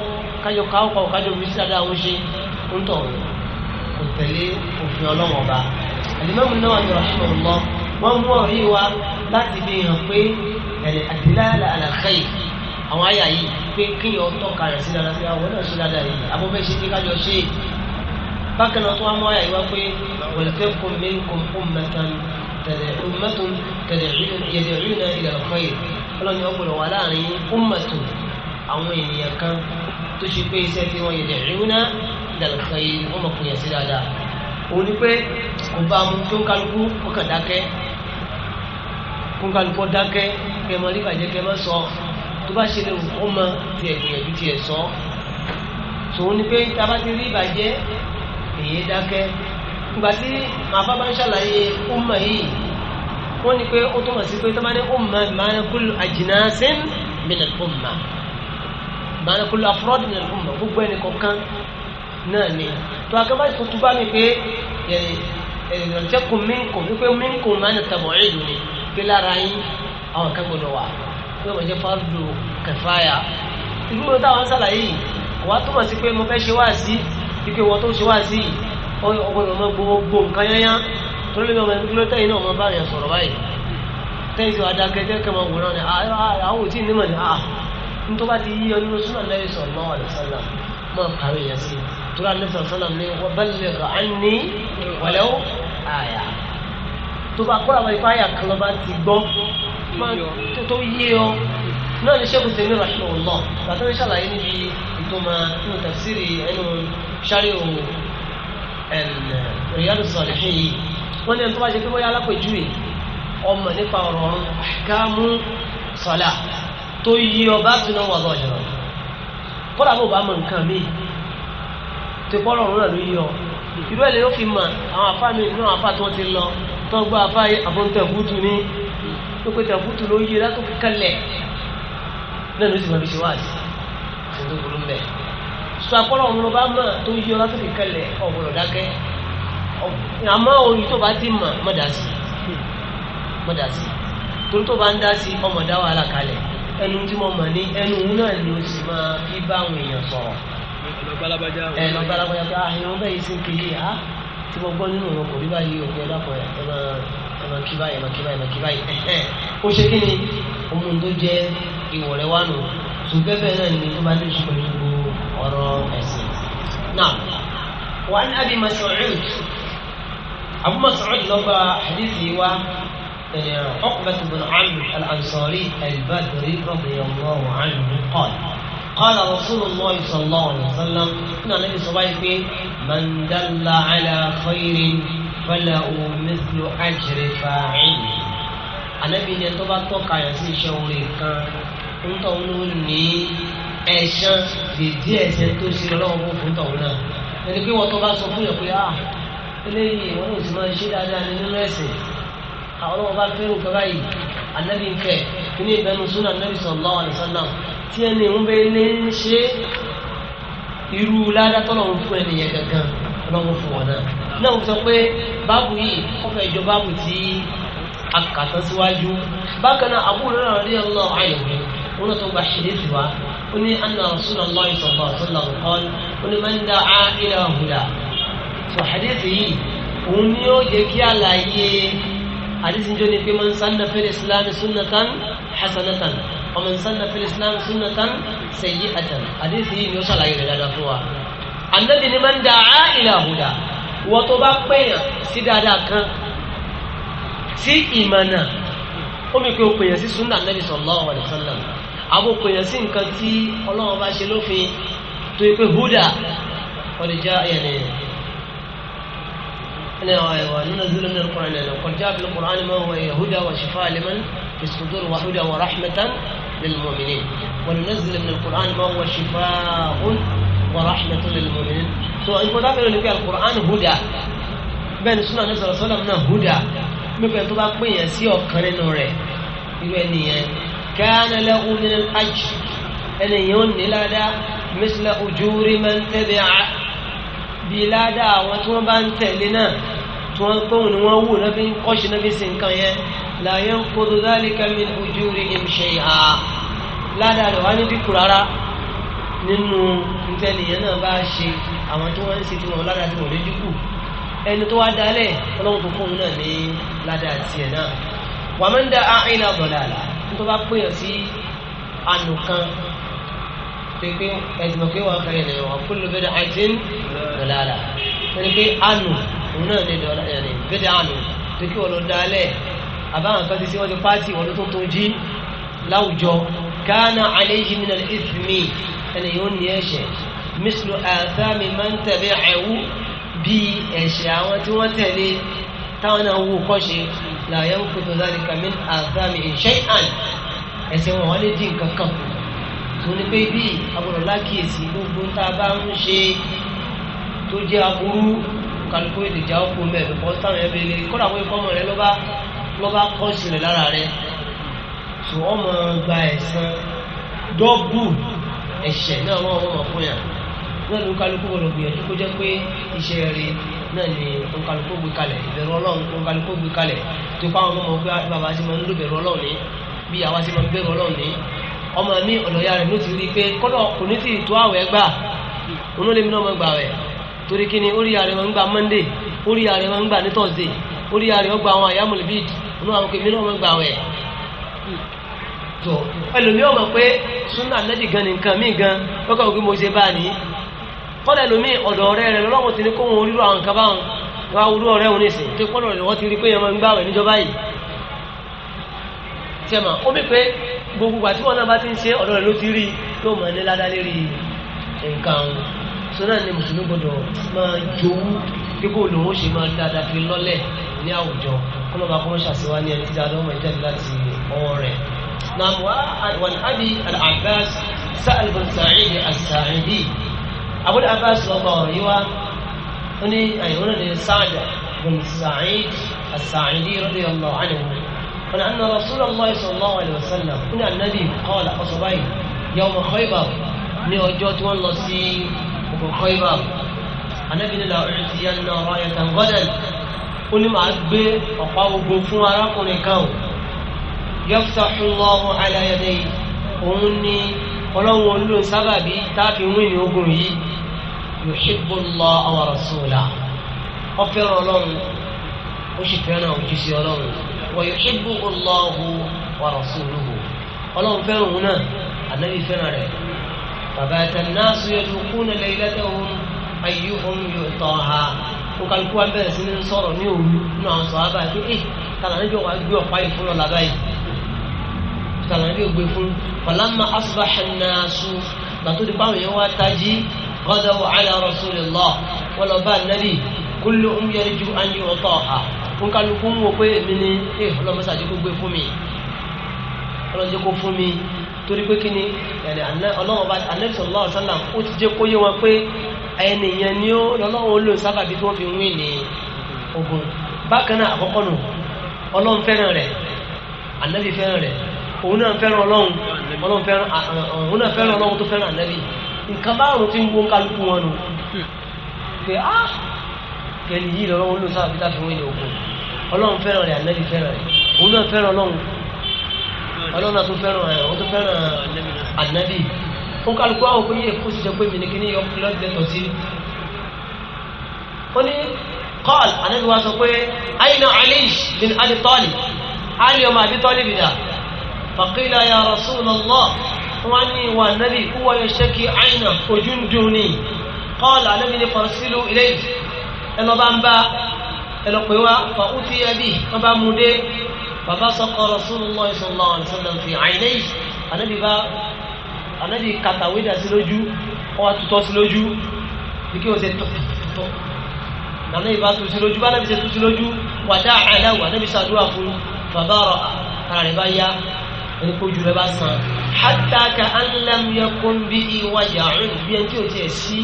kájọ káwọ́kọ̀ kájọ òbí sí dáadáa ó ṣe ń tọ̀ kò tẹ̀lé òfin ọlọ́wọ́n ọba àdìmọ́mù náà wà ní ọ̀ṣun ọ̀lọ́ wọ́n mú ọ̀rí wa láti fi hàn pé ẹ̀rẹ̀ àdìláàlà àlàkà yìí àwọn àyà yìí pé kéèyàn tọ́ka rẹ̀ sí dáadáa sí àwọn náà ṣe dáadáa yìí abọ́fẹ́ ṣe pé kájọ ṣe bákan náà tó wá mú àyà yìí wá pé walatakun minkum ummatan ummatun yad'una ila al-khayr ọlọ́ni ọgbọ̀dọ̀ wà láàrin ummatun àwọn ènìyàn kan tó ṣe pé iṣẹ́ tí wọ́n yad'una ila al-khayr wọ́n mọ̀ kò yẹ sí dáadáa òun ni pé kò bá mu tó kálukú ọkàn dákẹ́ kó kálukú dákẹ́ kẹ́ mọ́ rí bàjẹ́ kẹ́ mọ́ sọ tó bá ṣe lè wù mọ tiẹ̀ gbìyànjú tiẹ̀ sọ èyí dákẹ́ ìgbà tí màfá bá ń ṣàlàyé umma yìí wọ́n ní pé ó túmọ̀ sí pé tó bá ní umma ma'ana kullu ajnasin min al-umma ma'ana kullu afrad min al-umma gbogbo ẹnì kọ̀ọ̀kan náà ni tó akẹ́bá ìfòtú bá mi pé ìrọ̀jẹ́kùn minkum wípé minkum ma'ana tab'id ni pé lára yín àwọn kan gbọdọ̀ wà pé wọ́n jẹ́ fardu kifaya ìlú táwọn sàlàyé yìí wàá túmọ̀ sí pé mo fẹ́ ṣe wáàsí ike wọ́n tó ṣe wá sí ọgbọ́dọ̀ mọ gbogbo nǹkan yányán tó lè mọ kí ló tẹ́yìn náà mọ bá yẹn sọ̀rọ̀ báyìí tẹ́yìn sí wàdà kẹ́kẹ́ kẹ́ mọ wòran ni àwọn òtí nímọ̀ ni ah n tó bá ti yí ọdún súnà lẹ́yìn sọ̀rọ̀ mọ́ ọ̀dọ̀ sálà mọ́ àrùn yẹn sí tura ní sọ̀rọ̀ sálà ní wọ́n bá lè rà á ní wọlé ó àyà tó bá kọ́ra wọn ipá àyà kan lọ́ba ti gbọ́ tó yé ọ náà ní sẹ́kù tẹ̀mí rahimahullah bàtà ní sàlàyé níbi ìtumọ̀ nínú tafsiri ẹnu sáré o Riyadu Salihin yìí wọ́n ní ẹni tó bá ṣe pé wọ́n yá alápèjúwe ọmọ nípa ọ̀rọ̀ ọ̀run àkámú sọ̀lá tó yí ọba tunu wà lọ́jọ́ kódà bó bá mọ nǹkan mi tó kọ́rọ̀ ọ̀run náà ló yí ọ irú ẹ̀ lè ó fi mọ àwọn afá mi nínú àwọn afá tó ti lọ tó gbọ́ afá àbọ̀ntẹ̀bùtù ní tó pé tẹ̀bùtù ló yí látòkè kalẹ̀ náà ló sì mọ ibi ṣe wá sí i sọ akọ́lọ́ ọ̀run bá mọ̀ tó yí ọ látòkè kẹlẹ̀ ọ̀gbọ̀dọ̀ dákẹ́ àmọ́ orin tó bá ti mọ̀ mọ̀ dá sí mọ̀ sí torí tó bá ń dá sí ọmọ dá wàhálà kalẹ̀ ẹnu tí mo mọ̀ ní ẹnu òun náà ni o sì máa fi bá àwọn èèyàn sọ̀rọ̀ ẹ lọ pé ah irun bẹ́ẹ̀ sì ń kiri ha ah, tí mo gbọ́ nínú òun kò rí báyìí òun ẹ dákọ̀ ẹ ẹ máa ẹ máa kí báyìí ẹ máa kí báyìí ẹ máa kí báyìí ẹ ẹ ó ṣe kí ni ohun tó jẹ ìwọ̀ rẹ wá nù tó bẹ́ẹ̀ bẹ́ẹ̀ náà ni tó bá dé oṣù pẹ̀lú gbogbo ọ̀rọ̀ ẹ̀sìn náà wà ní Abi Mas'ud Abu Mas'ud lọ́gbà hadithi wa عقبة بن عمرو الأنصاري البدري رضي الله عنه قال قال رسول الله صلى الله عليه وسلم إن النبي صلى الله عليه وسلم من دل على خير فله مثل أجر فاعله النبي يتوبى توقع يسير شوري كان ńtọ̀ ló ní ẹ̀san dèdí ẹ̀ṣẹ̀ tó ṣe ọlọ́wọ́ fún fún tọ̀hún náà ẹni pé wọ́n tó bá sọ fún yàn pé à ah, eléyìí ìwọ náà ti máa ṣe dáadáa nínú ẹ̀sìn àwọn ọlọ́wọ́ bá fẹ́rù kọ́ra yìí anabi nfẹ́ kíní ìbẹnu súnà anabi sallallahu alaihi wasallam tí ẹni ń bẹ ní ń ṣe irú ládàtọ́lọ̀ ń fún ẹnìyẹn gangan ọlọ́wọ́ fún wọn náà náà wọ́n sọ pé báàbù yìí wọ́n fẹ́ jọ báàbù tí akàtọ́ síwájú bákan náà àbúrò náà rí ọlọ́ọ̀ ayọ̀ wọn tó gba ṣèlérí wa ó ní anna rasulullahi sallallahu alaihi wasallam qala ó ní man da'a ila huda tó hadith yìí òun ni ó jẹ́ kí àlàyé àdísìn jọ ni pé man sanna fil islam sunnatan hasanatan wa man sanna fil islam sunnatan sayyi'atan àdísìn yìí ni ó ṣàlàyé rẹ̀ dáadáa fún wa annabi ni man da'a ila huda wọ́n tó bá pèèyàn sí dáadáa kan sí ìmọ̀nà ó mi pé ó sí sunna nabi sallallahu alaihi wasallam àwọn òpèyàn sí nǹkan tí ọlọ́run bá ṣe lófin tó yẹ pé húdà wọ́n já ẹ̀yẹ̀nì ẹni àwọn ẹ̀wà nínú zúlẹ̀ nínú kọ́ra ẹ̀nà kọ́ já fi lọ́kọ̀ọ́ ánìmọ́ wọ yahuda wa shifa liman fi sudur wa huda wa rahmatan lil mu'minin wa nunazzilu min al-qur'ani ma huwa shifaa'un wa rahmatun lil mu'minin so nǹkan tá fẹ́ràn ní pé al húdà bẹ́ẹ̀ ni súnà ní sọ̀rọ̀ sọ́lá náà húdà mẹ́fẹ̀ẹ́ كان له من الأجر أن ينلد مثل أجور من تبع بلادا وتوبان تلنا توقون وونا في قشنا في سنكايا لا ينقض ذلك من أجورهم شيئا لا دارو أنا بكرارا nínú ntẹ́nìyàn náà bá ṣe àwọn tí wọ́n ń ṣe tí wọ́n ládàá tí wọ́n lójú kù ẹni tó wá dalẹ̀ ọlọ́run tó fóun náà ní ládàá tiẹ̀ náà wàmúndà àìlà bọ̀dàlà tó bá pèèyàn sí ànù kan pépé ẹ̀sìn ọ̀kẹ́ wà fẹ́rẹ̀ lẹ́yìn wà kó ló bẹ́ẹ̀ àìsín dọ̀lára wọ́n pé ànù òun náà ní dọ̀lára yẹn bẹ́ẹ̀ pé kí wọ́n lọ dalẹ̀ àbáwọn kan ti sí ti pààtì wọ́n tó tó jí láwùjọ kánà àléyìn mi náà ìsìnmí ẹni yóò ní ẹ̀ṣẹ̀ mísìlù àtàmì máa ń tẹ̀lé ẹ̀wú bíi ẹ̀ṣẹ̀ àwọn tí wọ́n tẹ̀lé táwọn náà wù kọ́ ṣe la yanqutu dhalika min athamihi shay'an ẹ̀sìn wọn wọ́n lè dín nǹkan kan kù tó ní pé bí agbọ̀dọ̀ lákìyèsí gbogbo tá a bá ń ṣe tó jẹ́ aburú kálukú ètò ìjà ọkọ mẹ́rin kọ́ táwọn ẹbí lè kọ́ra àwọn ikọ́ ọmọ rẹ lọ́ba lọ́ba kọ́ sílẹ̀ lára rẹ tó ọmọ gba ẹ̀san dọ́bù ẹ̀ṣẹ̀ náà wọ́n wọ́n mọ̀ fún náà ló kálukú gbọdọ̀ gbìyànjú kó jẹ́ pé iṣẹ́ rẹ náà ni òǹkálukú gbé kalẹ̀ ìbẹ̀rù ọlọ́run òǹkálukú gbé kalẹ̀ tó pa àwọn ọmọ pé bàbá ti máa ń lóbẹ̀rù ọlọ́run ní bí àwa ti máa ń bẹ̀rù ọlọ́run ní ọmọ mi ọ̀dọ̀ ya rẹ̀ ló ti rí i pé kọ́dọ̀ kò ní ti tó àwẹ̀ gbà onólèmi náà máa gbà wẹ̀ torí kí ni orí ààrẹ máa ń gba monday orí ààrẹ máa ń gbà ní thursday orí ààrẹ ọgbà àwọn àyàmùlẹ̀ bíi inú àwọn kèmí náà máa gbà wẹ̀ tó ẹlòmíọ́ mọ̀ pé súnà lẹ́dí gan nìkan míì gan lọ́kàn òkú mo ṣe báà kọ́lẹ̀ lómi ọ̀dọ̀ ọ̀rẹ́ rẹ̀ lọ́wọ́ ti ní kó wọn orílọ̀ àwọn kaba wọn wá wúrú ọ̀rẹ́ wọn nìsín tó kọ́lọ̀ rẹ̀ wọ́n ti rí pé yẹn máa ń gbà wẹ̀ níjọba yìí tiẹ̀mà ó mi pé gbogbo àti wọn náà bá ti ń ṣe ọ̀dọ̀ rẹ̀ ló ti rí yóò máa ní ládá lérí nǹkan so náà ni mùsùlùmí gbọdọ̀ máa jowú kíkó lòun ó ṣe máa dáadáa fi lọ́lẹ̀ ní àwùjọ kọ́lọ́ bá kọ́ ṣàṣewá ní ẹni tí dáadáa ọmọ láti ọwọ́ rẹ̀. nàmúwá wàlúhàbí al-Abbas Sa'al bin Sa'id as-Sa'idi Abul Abbas lọ́gbà ọ̀rọ̀ yìí wá ó ní àyẹ̀wò ní Sa'd bin Sa'id as-Sa'idi radiyallahu anhu wọn àná Rasulullahi sallallahu alaihi wasallam ó ní ànábì qala ọ̀sọ̀ báyìí yawma Khaybar ní ọjọ́ tí wọ́n lọ sí ọkọ̀ Khaybar ànábì ní làwọn ọ̀rẹ́ ti yá ní ọ̀rọ̀ ayẹ̀tàn gọ́dẹ̀n ó ní màá gbé ọ̀pá ogun fún arákùnrin kan yaftahu Allahu ala yadayhi òun ni ọlọ́run olóhùn táàfin wíìnì ogun yìí yuhibbu Allah wa rasulahu ó fẹ́ràn ọlọ́run ó sì fẹ́ràn òjíṣẹ́ ọlọ́run wa yuhibbu Allah wa rasuluhu ọlọ́run fẹ́ràn òun náà ànábì fẹ́ràn rẹ̀ fabata an-nasu yadukuna laylatahum ayyuhum yu'taha ó kálukú wa bẹ̀rẹ̀ sí ní sọ̀rọ̀ ní òru nínú àwọn sọ̀rọ̀ báyìí pé eh kàlà níjọ́ wa gbé ọ̀pá yìí fún lọ́la báyìí kàlà níjọ́ gbé fún falamma غدوا على رسول الله ولو بان النبي كل أم يرجو أن يعطاها wọn kálu kó ń wò pé èmi ni ẹ ọlọmọsá jẹ kó gbé fún mi ọlọmọsá jẹ kó fún mi torí pé kí ni ọlọmọba anẹsọlọ ọsánà ó ti jẹ kó yé wọn pé ẹnìyẹn ni ó lọlọrun ó lò sábàbí tí wọn fi wí ní ogun bákan náà àkọ́kọ́ nù Ọlọ́run fẹ́ràn rẹ̀ Ànábì fẹ́ràn rẹ̀ òun náà fẹ́ràn Ọlọ́run Ọlọ́run fẹ́ràn òun náà fẹ́ràn Ọlọ́run tó fẹ́ràn Ànábì nǹkan márùn tí ń wo kálukú wọn nù hmm. pé á ah, kẹni yìí lọ́wọ́ ló sábà bíi láti wọ́n ilé ogun ọlọ́run fẹ́ràn rẹ̀ ànábì fẹ́ràn rẹ̀ òun náà fẹ́ràn ọlọ́run ọlọ́run náà tó fẹ́ràn rẹ̀ ó tó fẹ́ràn ànábì ó kálukú àwọn òkú yìí kó sì jẹ́ pé mi ní kí ní ọkùnrin lẹ́tọ̀ọ́ sí. ó ní kọ́ọ̀lù ànábì wa sọ pé àyìnà Ali bin wọ́n ní ìwà nẹ́bí kúwọ́ yóò ṣe kí àìnà ojú ń dùn ní kọ́ọ̀lá nẹ́bí ní fọ́nsílù ilé ẹlọ́ba ń bá ẹlọ́pẹ́ wa fàkútì ẹbí wọ́n bá mú dé bàbá sọkọ Rasulullahi sallallahu alaihi wasallam fi àìnà yìí ànábì bá ànábì kàtàwé dà sí lójú wọ́n wá tutọ́ sí lójú bí kí wọ́n ṣe tọ́ tọ́ ànábì bá tutù lójú bá ànábì ṣe tutù lójú wàdà àdáwò ànábì ṣàdúrà fún bàbá rẹ̀ ara rẹ̀ bá yá ẹni kó ju rẹ bá san hatta ka anlam yakun bí ìwájà ọ̀rìn bí ẹni tí ò tiẹ̀ sí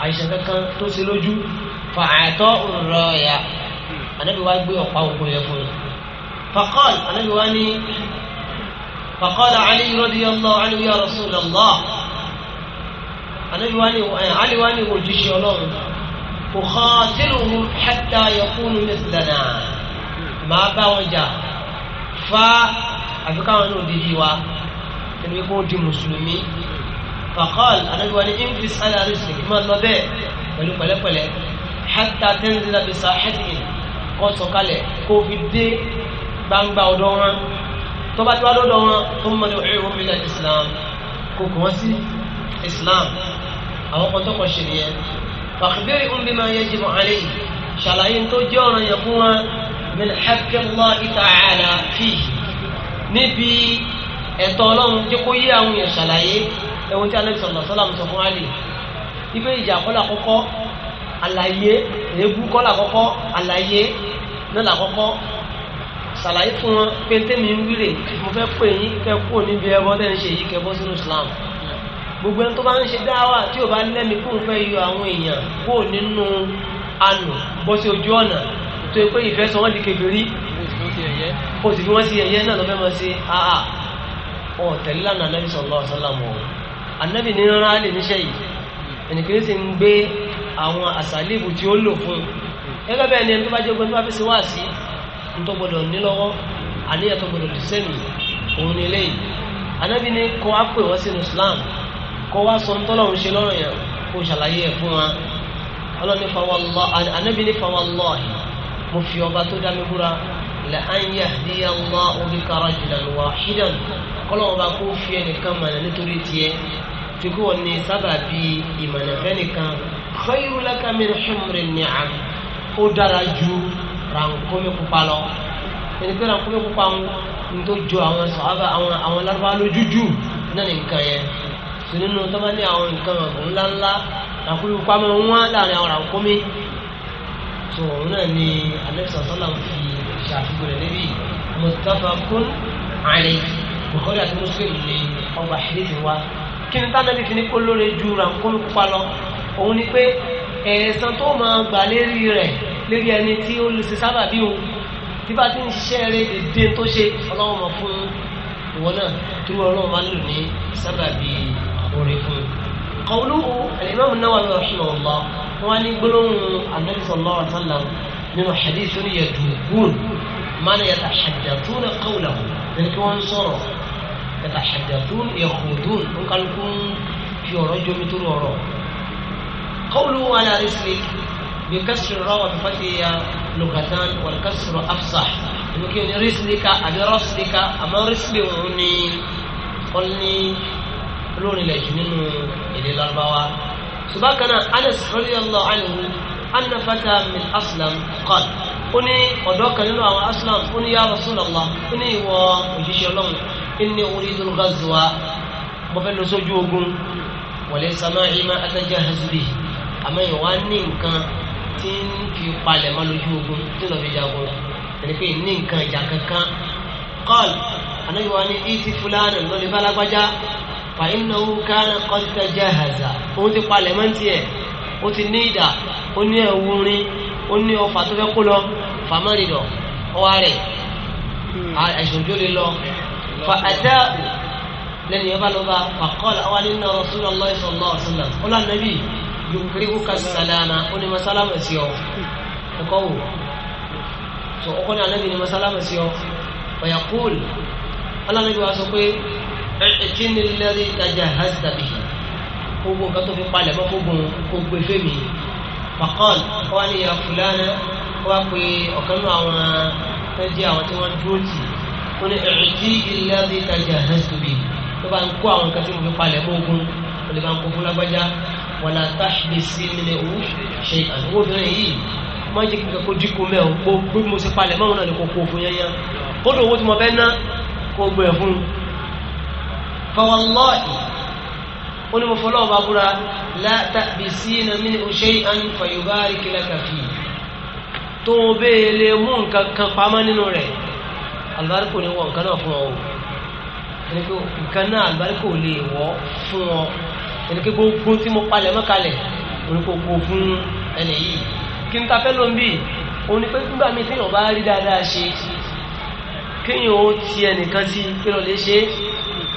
àìsàn kankan tó ṣe lójú fàáyàtọ̀ ọ̀rọ̀ ya anabi wa gbé ọ̀pá òkú yẹn fún un faqal anabi wa ní faqala ali radiyallahu anhu ya rasulallah anabi wa ní ali wa ní òjíṣẹ́ ọlọ́run ukhatiluhum hatta yakunu mithlana máa bá wọn jà fa àfi káwọn náà di bíi wa ẹni wípé ó di mùsùlùmí fàkọ́l anáwíwá ní english alárì sí ìmọ̀ lọ bẹ́ẹ̀ pẹ̀lú pẹ̀lẹ́pẹ̀lẹ́ hẹ́tà tẹ́ńtìlá bí sa hẹ́tìkì kọ́ sọ̀kalẹ̀ kó fi dé gbangba ọ̀dọ̀ wọn tó bá ti wá lọ́dọ̀ wọn tó mọ̀ ní ọ̀rẹ́ wọn mílẹ̀ islam kó kò wọ́n sí islam àwọn kan tó kọ́ ṣe nìyẹn fàkìbẹ́rì ń bí máa yẹ jìmọ̀ alẹ́ yìí ṣàlàyé tó jẹ́ ọ̀ràn yẹn fún wọn min haqqi Allah ta'ala fihi níbi ẹ̀tọ́ ọlọ́run jẹ́ kó yé àwọn èèyàn ṣàlàyé ẹ̀wọ̀n tí alẹ́ sọ̀rọ̀ sọ́lá mi sọ fún alẹ́ ibi ìjà kọ́lá kọ́kọ́ àlàyé èébú kọ́lá kọ́kọ́ àlàyé náà là kọ́kọ́ ṣàlàyé fún wọn pé tẹ́mi ń wílè mo fẹ́ pè yín kẹ́ kúrò níbi ẹbọ tẹ́ ń ṣe yìí kẹ́ bọ́ sínú Islam gbogbo ẹni tó bá ń ṣe dáwà tí ò bá lẹ́mi kó ń fẹ́ yọ àwọn èèyàn kó nínú àánú bọ́ sí ojú ọ̀nà tó yẹ pé ìfẹ́ sọ wọ́n di kékeré sí ẹ̀yẹ́ ó sì fi wọ́n sí ẹ̀yẹ́ náà lọ́fẹ́ mọ́ sí àà ọ̀ tẹ̀lé lánàá anábì sọ̀lọ́ ọ̀sọ́làmù ọ̀ anábì ní rán alẹ́ níṣẹ́ yìí ẹnìkan sì ń gbé àwọn àsàlíbù tí ó lò fún gẹ́gẹ́ bẹ́ẹ̀ ni ẹni tó bá jẹ́ ogun tó bá fi ṣe wá sí nítorí gbọdọ̀ nílọ́wọ́ àníyàn tó gbọdọ̀ dùsẹ́mì òun ni eléyìí anábì ní kọ́ wá pè wọ́n sínú Islam kọ́ wá sọ ntọ́lọ́run ṣe lọ́rọ̀ yẹn kó ṣàlàyé ẹ̀ fún wa ọlọ́ni fawọ́lọ́ anábì ní fawọ́lọ́ mo fi ọba tó dá mi búra لأن يهدي الله بك رجلا واحدا ọlọ́run bá kó fi ẹnìkan mọ̀nà nítorí tiẹ̀ tí kò wọ́n ní sábàbí ìmọ̀nà fẹ́nìkan khayru laka min humri ni'am ó dára ju rànkómi pupa lọ ẹni pé rànkómi pupa ń tó jọ àwọn sàhábà àwọn àwọn lárúbáwá lójújù náà ní yẹn sọ nínú tó ní àwọn nǹkan ọ̀gbìn ńláńlá rànkómi pupa máa ń wá láàrin àwọn rànkómi tó náà ni alẹ́ sọ̀tọ́ làwọn fi ṣàfihàn rẹ̀ níbí muttafaqun alayhi Bukhari àti Muslim ní ọgbà ṣèlérí wa kí ni tánàbí fi ní kó lóore ju rànkómi pupa lọ òun ni pé ẹ̀san tó máa gbà lérí rẹ̀ lérí ẹni tí ó lè ṣe sábà bí òun tí bá ti ń ṣiṣẹ́ rẹ̀ dédé tó ṣe ọlọ́wọ́ mọ̀ fún ìwọ náà tí wọ́n ọlọ́wọ́ máa lò ní sábà bí orin fún un. qawluhu al-Imam an-Nawawi wọn ní gbólóhùn Annabi sallallahu nínú hadith oníyẹ̀dùn gùn معنى يتحدثون قوله ذلك هو انصره يتحدثون يخوضون ان قال لكم في رجل مثل وراء قوله على رسلك بكسر الراء وبفتحها لغتان والكسر افصح يمكن رسلك ابي رسلك اما رسل عني قلني lórí ilẹ̀ yìí nínú èdè lọ́lọ́wọ́ subakana anas radiyallahu anhu anna fata min aslam qala ó ní ọ̀dọ́ kan nínú àwọn aslam ó ní ya Rasulullah ó ní ìwọ òjíṣẹ́ ọlọ́run inni uridu al-ghazwa mo fẹ́ lọ sójú ogun wọlé sama'i ma atajahazu bihi àmọ́ ìwà ní nǹkan tí ń fi palẹ̀ mọ́ lójú ogun tí lọ́ọ́ fi jagun ẹni pé ní nǹkan ìjà kankan kọ́ọ̀lù anáyíwá ní ìtì fúlàní lọ́lẹ́ balagbájá fàyínnáwó kánà kọ́ńtà jahaza òun ti palẹ̀ mọ́ tiẹ̀ ó ti ní ìdà ó ní ẹ̀wù rin ó ní ọfà tó fẹ́ kó lọ fàmárì lọ ọwá rẹ̀ àìsàn òjò lè lọ fa hmm. àdá lẹ́nu yẹn bá lọ bá fàkọ́lá wà nínú Rasulullah sallallahu alaihi wasallam ó lànà bí yòókùrẹ́kù ká sàlámà ó ní masálámà sí ọ ẹ̀kọ́ wò tó ọkọ ní anábì ní masálámà sí ọ ọ̀yà kúl ọlọ́nàbí wa sọ pé ẹ̀ẹ́tì ní lẹ́rìí tajà hásítàbì gbogbo nǹkan fi palẹ̀ mọ́ gbogbo gbogbo efé mi fàkọ́l wọ́n ní ìyá fúlàní wọ́n pe ọ̀kan nínú àwọn tó jẹ́ àwọn tí wọ́n dúró tì wọ́n ní ẹ̀rọ̀dí ilé àti ìtajà hẹ́sùbì ló bá ń kó àwọn nǹkan tí mo fi palẹ̀ mọ́ ogun wọ́n lè bá ń kó fún lágbájá wọ́n la táṣìlì sí nílẹ̀ òwú ṣe àdúgbò obìnrin yìí máa ń jẹ́ kíkẹ́ kó dínkù mẹ́ òun kó gbé mo sì palẹ̀ mọ́ òun náà ní kó kó fún yẹnyẹn ó dùn owó tí mo fẹ́ ná kó gbé fún un. fọwọ́n lọ́ọ̀ì ó ní mo fọ́ lọ́wọ́ bá búra látàbí sí iná mi ní oṣù àyùfà yorùbá àríkìlá kàfí tó o bẹ́ẹ̀ lè mú nǹkan kan pamọ́ nínú rẹ̀ alùbáríkò ní wọ nǹkan náà fún ọ o ẹni pé nǹkan náà alùbáríkò lè wọ́ fún ọ ẹni pé gbogbo tí mo palẹ̀ mọ́ kalẹ̀ fún ẹni yìí kí n ta fẹ́ ló ń bì òní pé mi téèyàn bá rí dáadáa ṣe kéèyàn ó ti ẹnìkan sí kí lè ṣe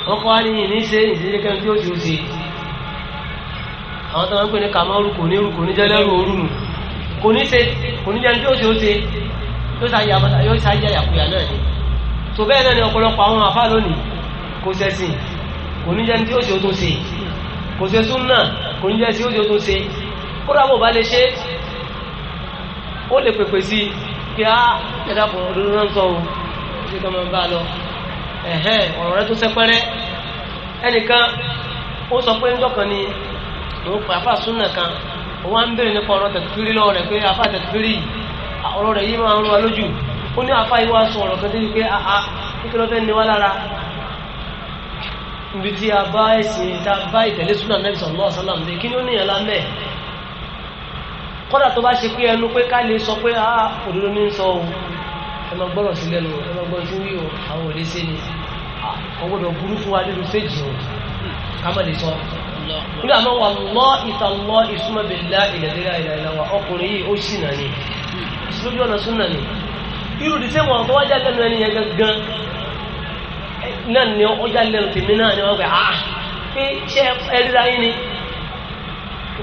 wọ́n kọ́ wá ní ìní ṣe ìdílé kẹ́mi tí ó ti ṣe àwọn tó wọ́n ń pè ní kàmọ́rù kò ní kò ní jẹ́lẹ́rù orúnù kò ní ṣe kò ní jẹ́ni tí ó ti ṣe yóò ṣe àyàbọ̀tà yóò ṣe àyà àyàkúyà náà ni tó bẹ́ẹ̀ náà ni ọ̀pọ̀lọpọ̀ àwọn àfá lónìí kò ṣẹ̀sìn kò ní jẹ́ni tí ó ṣe ó tó ṣe kò ṣe súnà kò ní jẹ́ni tí ó ṣe ó ṣe kódà bò bá lè ṣe ó lè pèpè sí kí á ẹ̀dá pọ̀ lórí náà sọ Ehe, ọ̀rọ̀ rẹ tó sẹpẹrẹ ẹnìkan ó sọ pé níjọ́ kan ni òun pa àfa súnà kan òun wá ń bèrè nípa ọ̀rọ̀ tẹ̀tùfírí lọ́wọ́ rẹ̀ pé àfa tẹ̀tùfírí ọ̀rọ̀ rẹ̀ yìí máa ń lójú ó ní àfa yìí wá sọ ọ̀rọ̀ kan débi pé kíkẹ́ lọ́fẹ́ wá lára níbi tí a bá ẹ̀sìn tá a bá ìtẹ̀lé súnà kí ni ó máa gbọ́rọ̀ sí lẹ́nu ẹ máa gbọ́ tí wí o àwọn òde ṣe ni ọgbọ́dọ̀ burú fún wa nínú fèjì o ká má lè sọ. nígbà máa wà lọ ìtàlọ́ ìsúmọ̀bìlá ìdàdíra ìdàdíra ọkùnrin yìí ó sì nà ní lójú ọ̀nà súnà ní irú ìdí sẹ́wọ̀n tó wájà lẹ́nu ẹni yẹn gangan náà ni ọjà lẹ́nu tèmi náà ni wọ́n gbé ah pé ṣé ẹ ríra yín ni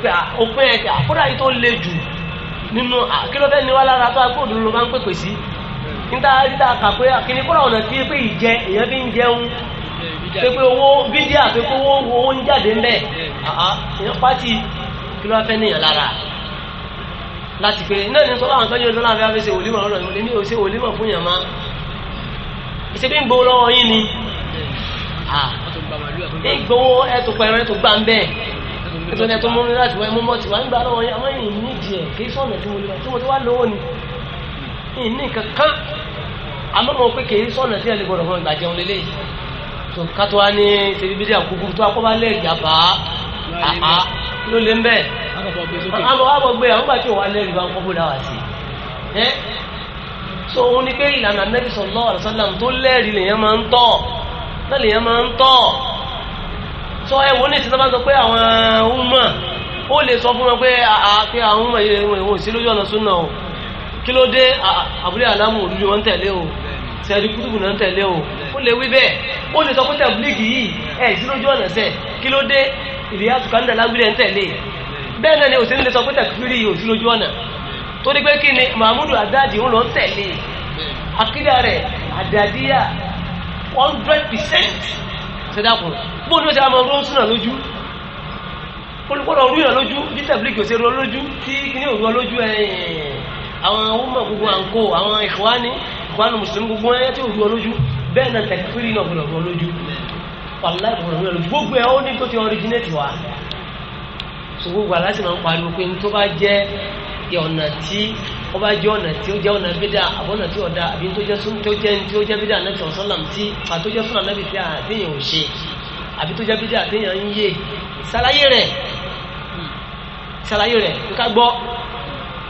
pé ah, òpin ẹ̀ kódà yìí tó le jù nínú kí ló fẹ́ ni wá lára tó agbóòdùn ló máa ń pèpè sí níta níta kà pé àkíní kọ́ra ọ̀nà tí pé ìjẹ èèyàn fi ń jẹun pé pé owó bídí àpé pé owó owó ń jáde ńbẹ èèyàn pátì kí ló wá fẹ́ níyàn lára láti pé náà ní sọ́lá àwọn tó ń yọ sọ́lá àfẹ́ àfẹ́ ṣe wòlímọ̀ ọ̀rọ̀ ìwòlé ní òṣè wòlímọ̀ fún yàn má ìṣe bí ń gbowó lọ́wọ́ yín ni ń gbowó ẹtù pẹ̀rọ ẹtù gbà ń bẹ́ẹ̀ ètò ẹtù mú mi láti wọ ẹmú mọ́tì wà ń gbà lọ́wọ́ yín àwọn èèyàn nídìí ẹ̀ kí sọ̀nà tí mo lè wá tí mo ti wá lówó ni. ìní kankan amọ́mọ́ pé kìí sọ̀nà sí ẹ̀lẹ́ gbọ́dọ̀ fún ìgbà jẹun lélẹ̀ yìí tó kátó wá ní ṣèbí bídíà kúkú tó akọ́bá lẹ́ẹ̀gì àbá àhá ló lé ń bẹ̀ àmọ́ gbé àwọn tí ò wá bá ń kọ́kọ́ dá sí ẹ́ so òun ni pé ìlànà Ànábì sallallahu alaihi tó lẹ́ẹ̀rì lèyàn máa ń tọ̀ náà lèyàn máa ń tọ̀ sọ ẹ wo ní ìsinmi bá sọ pé àwọn ọmọ ó lè sọ fún wọn pé ah, ah, àwọn ọmọ yìí wọn ò sí lójú ọ̀nà súnà o kí ló dé ah, ah, àbúlé àlámù olùdí wọn tẹ̀lé o sẹ́ẹ̀dì kútùbù náà tẹ̀lé o ó lè wí bẹ́ẹ̀ ó lè sọ pé tẹ̀blígì yìí ẹ̀ sí lójú ọ̀nà sẹ̀ kí ló dé ìrìyà tùkàndà lágbílẹ̀ ń tẹ̀lé bẹ́ẹ̀ náà ni òsì ń lè sọ pé tẹ̀kúrì yìí ò sí lójú ọ̀nà tó ní pé kí ni Mahmudu Adadi ń lọ ń tẹ̀lé akídà rẹ̀ àdàdíyà hundred percent ṣẹ́dàkùn bó ni ó ti àmọ́ ọdún súnà lójú olùkọ́dọ̀ rú ìrànlójú bí tẹ̀blígì ò àwọn ọmọ gbogbo àǹkó àwọn ìkọ́wání ìkọ́wání mùsùlùmí gbogbo ẹ̀yẹ tí ò rú ọlójú bẹ́ẹ̀ náà tẹ̀kífìrì náà gbọ́dọ̀ rú ọlójú wàláì gbọ́dọ̀ rú ọlójú gbogbo ẹ̀ ó ní tó ti ọríjìnẹ́tì wa so gbogbo aláṣẹ máa ń pariwo pé tó bá jẹ́ ọ̀nà tí ó bá jẹ́ ọ̀nà tí ó jẹ́ ọ̀nà bídà àbọ̀nà tí ọ̀dà àbí tó jẹ́ tó jẹ́ tí ó jẹ́ bídà náà sọ̀rọ̀ sọ́làm tí àtó jẹ́ sọ́làm náà bìtì àtẹ̀yìn ò ṣe àbí tó jẹ́ bídà àtẹ̀yìn ń yé ṣàlàyé rẹ̀ hmm. ṣàlàyé rẹ̀ nǹkan gbọ́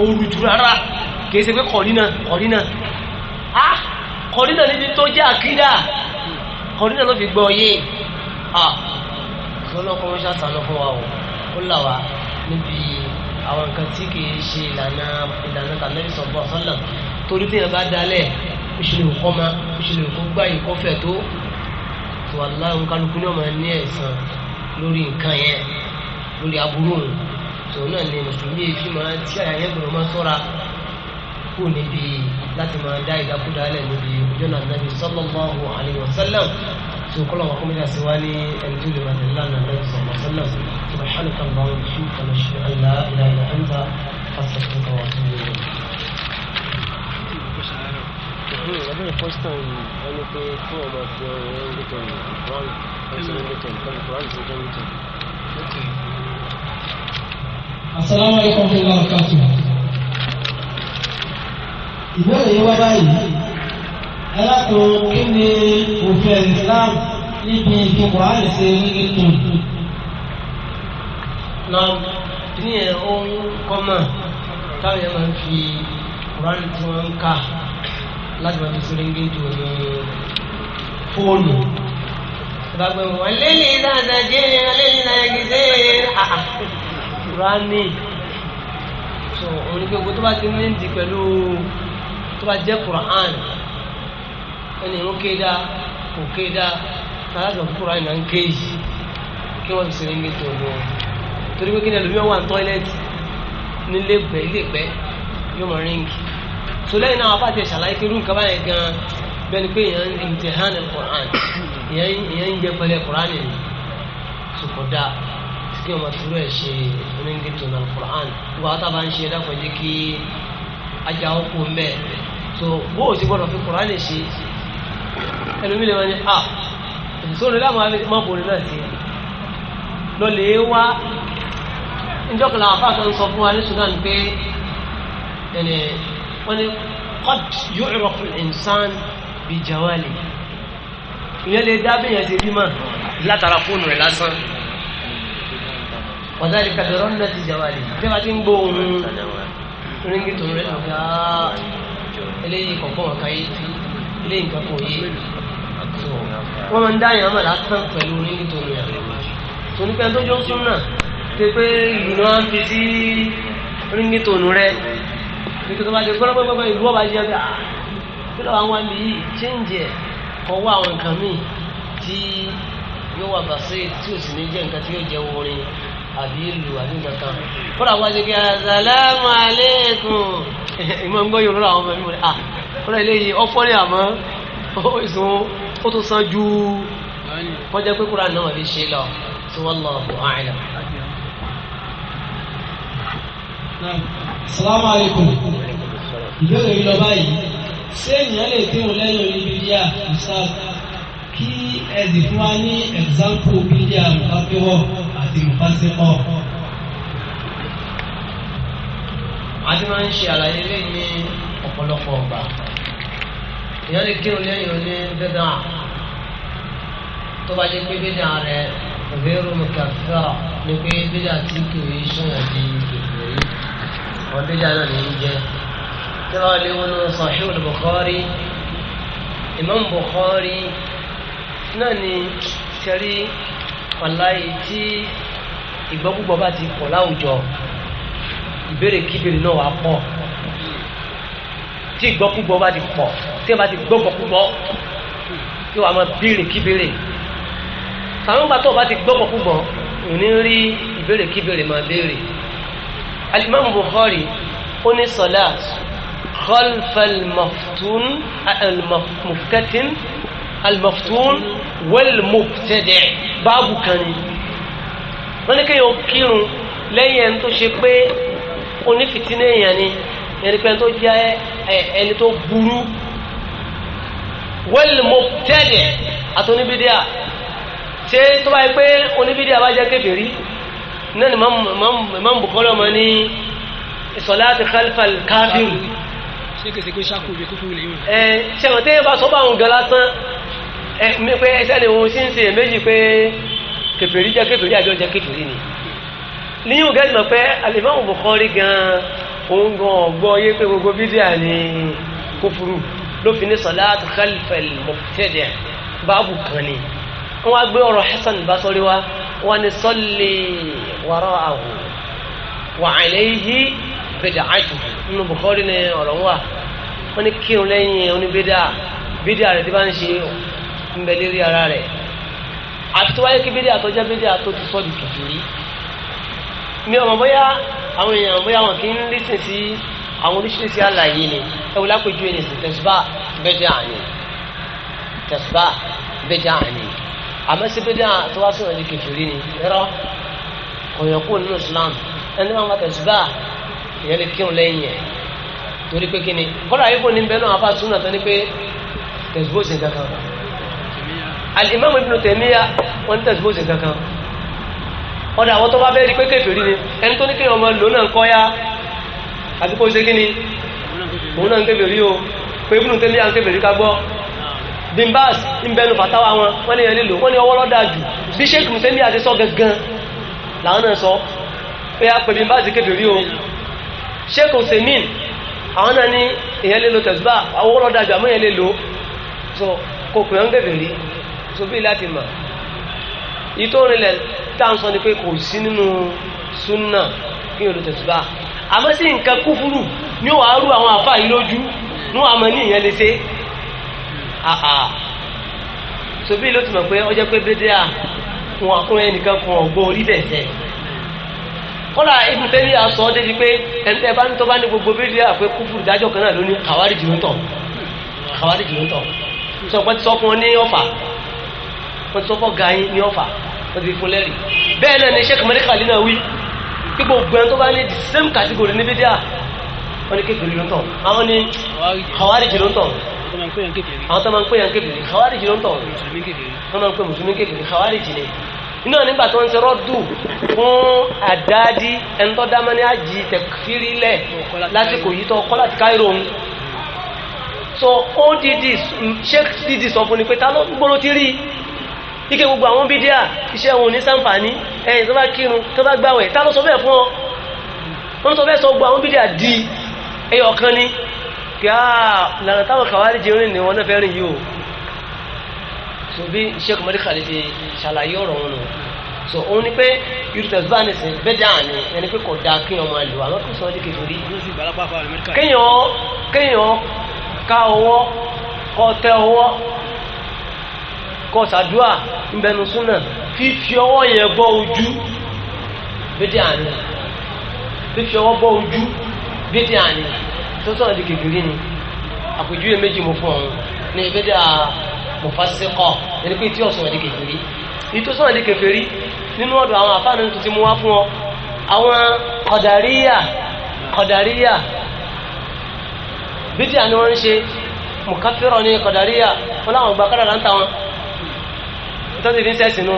ooru jù rárá kìí ṣe pé kọ̀rínà kọ̀rínà á kọ̀rínà níbi tó jẹ́ àkídà kọ̀rínà ló fi gbọ́ yé à lọ́lọ́kọ́ ló ṣàtànà fún wa o ó là wá níbi àwọn nǹkan tí kìí ṣe ìlànà ìlànà tàbí sọ̀bọ̀ sọ́nà torí tí yẹn bá dalẹ̀ ìṣẹ̀lẹ̀ òkọ́ ma ìṣẹ̀lẹ̀ òkọ́ gbá ìkọ́fẹ̀ tó wàláhùn kálukú ní ọmọ ní ẹ̀sán lórí nǹkan yẹn lórí aburú òun tòun náà ni mùsùlùmí fi máa tí àyà yẹn gbọ́dọ̀ máa sọ́ra kú níbi láti máa dá ìdákúdá lẹ̀ níbi ojú náà nàbí sallallahu alaihi wasallam tó kọ́lọ̀ wà kọ́mídà sí wá ní ẹni tó lè wà ní lánàá nàbí sallallahu alaihi wasallam subhanaka allahumma wa bihamdika ashhadu an la ilaha illa anta astaghfiruka wa atubu ilayk. Ìgbàgbọ́ ìfọ́sítàn ẹni pé fún ọmọ àti ọmọ ẹgbẹ̀tẹ̀ ìfọ́n ẹ̀sìn ẹgbẹ̀tẹ̀ ìfọ́n ìfọ́n ìfọ́n ìfọ́n Assalamu alaikum tó wà kàtó. Ìbéèrè yìí wá báyìí. Ẹlẹ́kùn kí ni òfin Islam níbi ìdìbò àìsè nígbè tó? Náà ní ẹ̀ ohun kọ́mọ̀ táwọn yẹn máa ń fi Kùránì tí wọ́n ń kà láti máa fi sórí nígbè tó ní fóònù. Ìbágbẹ́ wọn, lẹ́yìn ìdájọ́ jẹ́ ẹ̀rọ lẹ́yìn náà gidi. Kùránì so òun ni pé gbogbo tó bá ti ní di pẹ̀lú tó bá jẹ́ Kùránì ẹni ìrún kéda kò kéda alájọ Kùránì náà ń ké yìí kí wọ́n fi sinmi ní tòun o torí pé kí ni ẹlòmíràn wà ní tọ́ílẹ̀tì nílé gbẹ́ ilé gbẹ́ yóò mọ̀ ríngì so lẹ́yìn náà apá ti ṣàlàyé pé irú nǹkan báyẹn gan-an bẹ́ẹ̀ ni pé èèyàn ń imtihan al-Qur'an èèyàn ń jẹ pẹ̀lẹ́ Qur'an nìyí so dáa kí ọmọ tìlú ẹ̀ ṣe oníngìtò náà Qur'an gbogbo àwọn tábà ń ṣe dákun jẹ́ kí ajá ọkọ mẹ́ so bó o ti gbọ́dọ̀ fi Qur'an ṣe ẹlòmíì lè máa ní a ìṣòro ilé àwọn àmì bòrè náà ti lọ lè wá njọ́kìlá àfáàkàn sọ fún wa ní Sudan pé ẹnì wọ́n ní qad yu'rafu al-insan bi jawali ìyẹn lè dá bẹ́yẹn ti látara fóònù rẹ̀ lásán wàzáàlì kàbẹ̀rọ̀ ń lọ́sí ìjàwálì bí wọ́n ti ń gbó ohun ríngì tó ń rẹ̀ ọ̀gá ah, eléyìí kọ̀ọ̀kan ọ̀ka yìí ti eléyìí nǹkan kò yé wọ́n máa ń dá yàn mọ̀ lásán pẹ̀lú ríngì tó ń rẹ̀ tónípẹ́ tó jọ sún náà ṣe pé ìlú náà fi sí ríngì tó ń rẹ̀ nítorí wọ́n bá ṣe gbọ́dọ̀gbọ́dọ̀ ìlú ọba jẹ́ pé ah, kí lọ́wọ́ àwọn àmì yìí chéǹjì ẹ̀ ọwọ́ àwọn nǹkan míì tí yóò wà bàṣẹ́ tí ò sì ní jẹ́ nǹkan tí yóò jẹ́ wọrin àbí ìlú àbí nǹkan kan kí asàlámù aleykum ìmọ̀ ń gbọ́ yorùbá àwọn ọmọ mi ah kódà eléyìí ọ̀fọ́ ni àmọ́ ìsùn ó tún san ju wọ́n jẹ́ pé kódà náà lè ṣe lọ tí wọ́n lọ bọ̀ àìlà. salamu aleykum ìbéèrè yìí lọ báyìí ṣé ènìyàn lè kírun lẹ́yìn oníbíríà ìsáà kí ẹ̀sìn fún wa ní ẹ̀sáǹpù bíríà mùsàfihàn fásitì àti máa ń ṣe àlàyé lẹ́yìn ní ọ̀pọ̀lọpọ̀ ọgbà èèyàn lè kírun lẹ́yìn oní bídà tó bá jẹ́ pé bídà rẹ̀ òbẹ́rù mùkàfà ni pé bídà tí kìí ṣọ̀yàn di ìgbèrè wọn bídà náà ní í jẹ́ tí wọ́n lé wọn lọ Sahih al-Bukhari Imam Bukhari náà ni sẹ́rí wàláyé tí ìgbọ́gbùgbọ́ bá ti pọ̀ láwùjọ ìbéèrè kíbèrè náà wà pọ̀ tí ìgbọ́gbùgbọ́ bá ti pọ̀ tí ẹ bá ti gbọ́gbọ́gbọ́ tí wàá máa béèrè kíbèrè àwọn bàtọ́ bá ti gbọ́gbọ́gbọ́ ò ní rí ìbéèrè kíbèrè máa béèrè alimami Bukhari ó salat خلف المفتون المفتتن المفتون والمبتدع báàbù kan ni wọ́n ní kéèyàn kírun lẹ́yìn ẹni tó ṣe pé onífìtínà èèyàn ni ẹni pé ẹni tó jẹ́ ẹni tó burú wẹ́lì mo tẹ́lẹ̀ àti oníbídíà ṣé tó bá yẹ pé oníbídíà bá jẹ́ kèfèrí náà ni Imam Bukhari ọmọ ní ìsọ̀láàtì khalfal káfíìn ṣé kèsì pé ṣàkóso ìkókó lè yún. ẹ ṣẹ̀wọ̀n tẹ́yẹ bá sọ bá àwọn gan lásán ẹ pé ẹsẹ ni òun ṣì ń ṣe méjì pé kèfèrí jẹ́ kèfèrí àjọ jẹ́ kèfèrí ni níyìn ògá ìmọ̀ pé alimami Bukhari gan òun gan ọgbọ́ yé pé gbogbo bídíà ni kófúrú ló fi ní salatu khalfal mubtadi' báàbù kan ni wọ́n á gbé ọ̀rọ̀ Hasan Basri wa wọ́n ní salli wara'ahu wa alayhi bid'atuhu nínú Bukhari ni ọ̀rọ̀ wà wọ́n ní kírun lẹ́yìn oníbídà bídíà rẹ̀ ti bá ń ṣe ń bẹ lérí ara rẹ̀ àti tó wáyé kí bídíà tó jẹ́ bídíà tó ti sọ di kìkìrí mi ọmọ bóyá àwọn èèyàn bóyá wọn kì í lísìn sí àwọn oríṣiríṣi àlàyé ni ẹ wò lápèjú ẹni sí tẹsíbà bẹjẹ àní tẹsíbà bẹjẹ àní àmọ́ sí bídíà tó wá ni rọ ọ̀yàn kúrò nínú Islam ẹni wọn bá tẹsíbà ìyẹn lè kírun lẹ́yìn ẹ̀ torí pé kí ni kọ́lá ayé kò ní bẹ́ẹ̀ náà afá súnà tán pé tẹsíbà ò sì ń kankan alimami ibn tẹ̀míyà wọ́n ní tẹ̀síwò sí kankan ọ̀dà àwọn tó bá bẹ́ẹ̀ di pé kèfèrí ni ẹni tó ní kí ọmọ lò náà kọ́ ya àti kó ṣe kí ni òun náà ń kèfèrí o pé ibn tẹ̀míyà ń kèfèrí ká gbọ́ bimbas ń bẹnu fàtàwà wọn wọ́n ní ẹni lò wọ́n ní ọwọ́ lọ́dà jù bí sheikh tẹ̀míyà ti sọ gangan làwọn náà sọ pé a pè bimbas kèfèrí o sheikh semin àwọn náà ní ìyẹn lè lo tẹ̀síbà ọwọ́ lọ́dà jù àmọ́ ìyẹn lè lo so kò pè ọ́n sobi láti mọ̀ ìtòrinlẹ̀ táǹsọ ni pé kò sí nínú súnà kí o lè tẹ̀síbá àmọ́ sí nǹkan kúfúrú ní ó wà á rú àwọn àfáà yìí lójú ní wàá mọ ní ìyẹn lè ṣe àhà sobi ló ti mọ̀ pé ọjọ́ pé bédè à wọn àkúrẹ́ nìkan kan ọ̀gbọ́n orí bẹ̀ tẹ̀ kọ́lá ibùn tẹ́lẹ̀ àsọ débi pé ẹ̀ńtẹ́ bá ń tọ́ bá ní gbogbo bédè à pé kúfúrú dájọ́ kan náà ló àwárí jù tọ̀ àwárí jù tọ̀ sọ̀pọ̀ ti sọ fún ọ ní ọ̀fà wọ́n ti sọ fọ́ ga yín ní ọ̀fà wọ́n ti fún lẹ́rìí bẹ́ẹ̀ náà ni sheikh mẹ́ríkà lè náà wí pé gbogbo ẹni tó bá ní the same category ní bídíà wọ́n ní kékeré ló ń tọ̀ àwọn ní khawarij ló ń tọ̀ àwọn tó máa ń pè yàn kékeré khawarij ló ń tọ̀ wọ́n máa ń pè mùsùlùmí kékeré khawarij ni inú ọ̀ nígbà tó ń ṣe rọ́dù fún àdáàdì ẹni tó dámọ́ ní àjì tẹ̀kírí lẹ̀ lásìkò yìí tó kọ́ láti káírò ń so ó dìdì sheikh dìdì sọ fún ni pé ta ló ń gbóró ti rí ike gbogbo àwọn bídíà iṣẹ́ wọn ò ní sáǹfààní ẹ̀yìn tó bá kírun tó bá gbàwẹ̀ tá ló sọ bẹ́ẹ̀ fún ọ wọ́n sọ bẹ́ẹ̀ sọ gbogbo àwọn bídíà di ẹyọ kan ní kí á lànà táwọn kàwárí jẹ orin ni wọn náà fẹ́ rìn yìí o so bí iṣẹ́ kọmọdé kàlẹ́ ti ṣàlàyé ọ̀rọ̀ wọn nù so òun ni pé irutẹ̀sí bá ní sìn bẹ́ẹ̀ dáa ni ẹni pé kò dáa kéèyàn máa lò àwọn kò sọ ọ́ course àdúrà ńbẹnu súnà fífi ọwọ́ yẹn gbọ́ ojú bídí àní fífi ọwọ́ gbọ́ ojú bídí àní tó sọ̀rọ̀ di kékeré ni àpèjúwe méjì mo fún ọ̀hún ní bídí à mufasiqo ẹni pé tí ó sọ̀rọ̀ di kékeré yìí tó sọ̀rọ̀ di kékeré nínú ọ̀dọ̀ àwọn àfáàní tó ti mú wá fún ọ àwọn kọ̀dàríyà kọ̀dàríyà bídí àní wọ́n ń ṣe mùkàfírọ̀ ní kọ̀dàríyà wọn láwọn gbà kádàrá ń wọn tán ti fi ń sẹ́sìn nu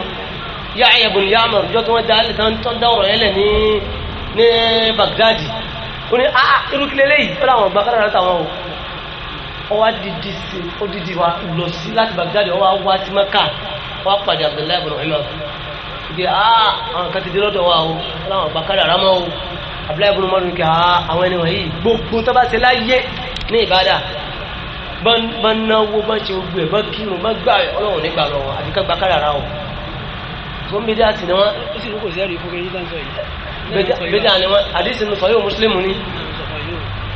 yá ẹ̀yẹ̀bùn yá àmọ̀ ìjọ tó wọ́n dá lẹ́tàn tó ń dá ọ̀rọ̀ yẹn lẹ̀ ní ní Baghdadi ó ní ah irú lẹ́yìn ó láwọn ọgbà kára látàwọn o ó wá didi sí ó didi wa lọ sí láti Baghdadi ó wá wá sí Mẹ́kà ó wá pàdé Abdullahi ibn Umar ìdí ah àwọn kan ti di lọ́dọ̀ wa o ó láwọn ọgbà kára rámọ́ o Abdullahi ibn Umar ní kí ah, àwọn ẹni wọ̀nyí gbogbo tó bá ṣe láyé ní ìbádà bá náwó bá ṣe gbogbo ẹ̀ bá kírun bá gbà ọlọ́run nígbà lọ́wọ́ àti kágbá kádàrá o tó ń bí dáa sí ni wọ́n. ó sì rúkò sí ẹ̀rí fún kejì dáńsọ yìí. bí dáa ni wọ́n àdísì nù sọ́yọ́ mùsùlùmù ni.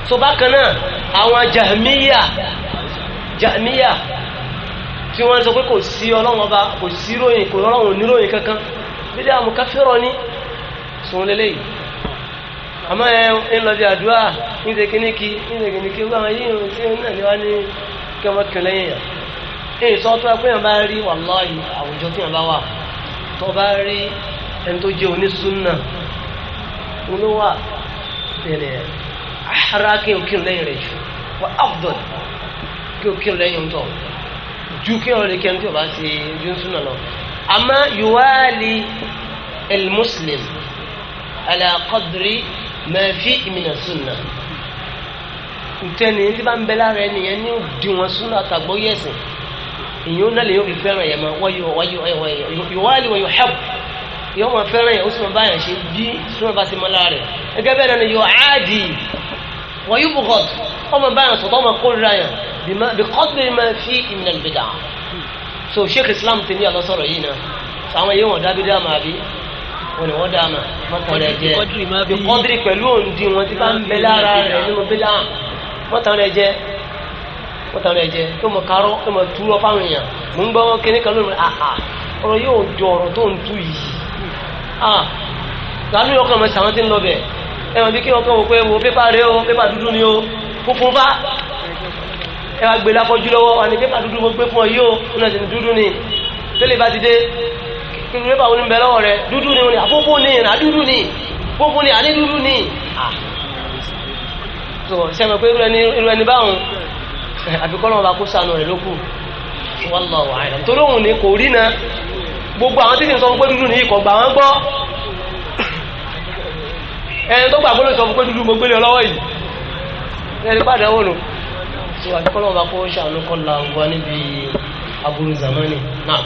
tó bá kan náà àwọn jahmiya jahmiya tí wọ́n sọ pé kò sí ọlọ́run ọba kò sí ròyìn kò rọrùn níròyìn kankan bí dáa mú káfíọ̀rọ̀ ni sùn lélẹ́yìí àmọ́ ẹ ń lọ bí àdúrà ń ṣe kíníkì ń ṣe kíníkì wọ́n àwọn yìí ń ṣe náà ni wọ́n ní kẹmọ́kẹ lẹ́yìn yà èyí sọ tó pé yàn bá rí wàláhì àwùjọ tí yàn bá wà tó bá rí ẹni tó jẹ́ onísúnà ló wà tẹ̀lé ara kí n lẹ́yìn rẹ̀ jù wà áfùdọ̀ kí n kírun lẹ́yìn tó ju kí n lè kí ẹni tí o bá ṣe ju súnà lọ àmọ́ yuwali el muslim ala qadri ma fi sunna ntẹni tí bá ń bẹ lára ẹni yẹn ní di wọn sunna àtàgbọ́ yẹsìn ìyẹn náà lè yóò fi fẹ́ràn yẹn ma wáyé wáyé wáyé ìwádìí wáyé hẹ́p yóò máa fẹ́ràn yẹn ó sì máa bá yẹn ṣe bí sunna bá ti mọ lára rẹ̀ ẹgẹ́ bẹ́ẹ̀ náà ni yóò áàdì wáyé bùkọ́t ọmọ bá yẹn sọ̀tọ̀ ọmọ kórìíra yẹn bìkọ́tì ma fi mina so sheikh islam ti ní àlọ́sọ̀rọ̀ yìí náà àwọn yìí wọn dábìdá wọn ni wọ́n dà mà mọ́kàn rẹ̀ jẹ́ ìkọ́dìrì pẹ̀lú wọn ti bá ń bẹ lára rẹ̀ nínú bílà mọ́tàn rẹ̀ jẹ́ mọ́tàn rẹ̀ jẹ́ tó mọ̀ kárọ́ tó mọ̀ túrọ́ fáwọn èèyàn mò ń gbọ́ kíní kan lónìí àhà ọ̀rọ̀ yóò jọ ọ̀rọ̀ tó ń tú yìí ah làánú yọkàn mọ̀ sàwọn ti ń lọ bẹ̀ ẹ mọ̀ bí kí ọkàn wò pé wo pépà rẹ o pépà dúdú ni o funfun bá ẹ wá gbé lápọ̀jú lọ́wọ́ wà pépà dúdú mo gbé fún ọ yìí o ó náà sì dúdú ni tẹ́lẹ̀ ti dé ìrẹ́bà wo ni bẹ lọ́wọ́ rẹ dúdú ni wọn ah, ni àfófó ni ìrìn àdúdú ni fófó ni àní dúdú ni ah. so sẹ́mi pé irú ẹni báwọn àbíkọ́ lọ́wọ́ bá kó sànù rẹ̀ lókù wallahu a'lam torí òun ni kò rí na gbogbo àwọn títí sọ fún pé dúdú ní ikọ̀ gbà wọ́n gbọ́ ẹni tó gbàgbọ́ ló sọ fún pé dúdú mo gbélé ọlọ́wọ́ yìí ẹni pàdé wò nù tí wàá kọ́ lọ́wọ́ bá kó ṣàánú kọ́ la wà níbi aburú zamani náà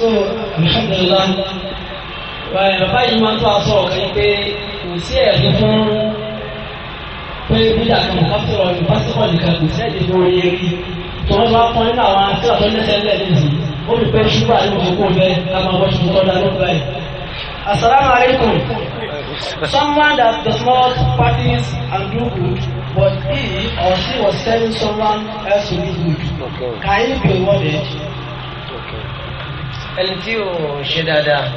tó alhamdulillah bàbá yìí máa ń tó aṣọ ọ̀kan pé kò sí ẹ̀rí fún pé bídà kan kò pásítọ̀ ní pásítọ̀ nìkan kò sí ẹ̀rí fún oye rí tó wọ́n bá pọ́n nínú àwọn akẹ́kọ̀ọ́ tó lẹ́sẹ̀ ńlẹ̀ nìyí ó fi pé ṣúgbà ní òkú bẹ́ẹ̀ ká máa wọ́n ṣubú tọ́lá ló báyìí. Assalamu alaikum. Someone that does not practice and do good, but he or she was telling someone else to do good, okay. can he be rewarded? ẹni tí ò ṣe dáadáa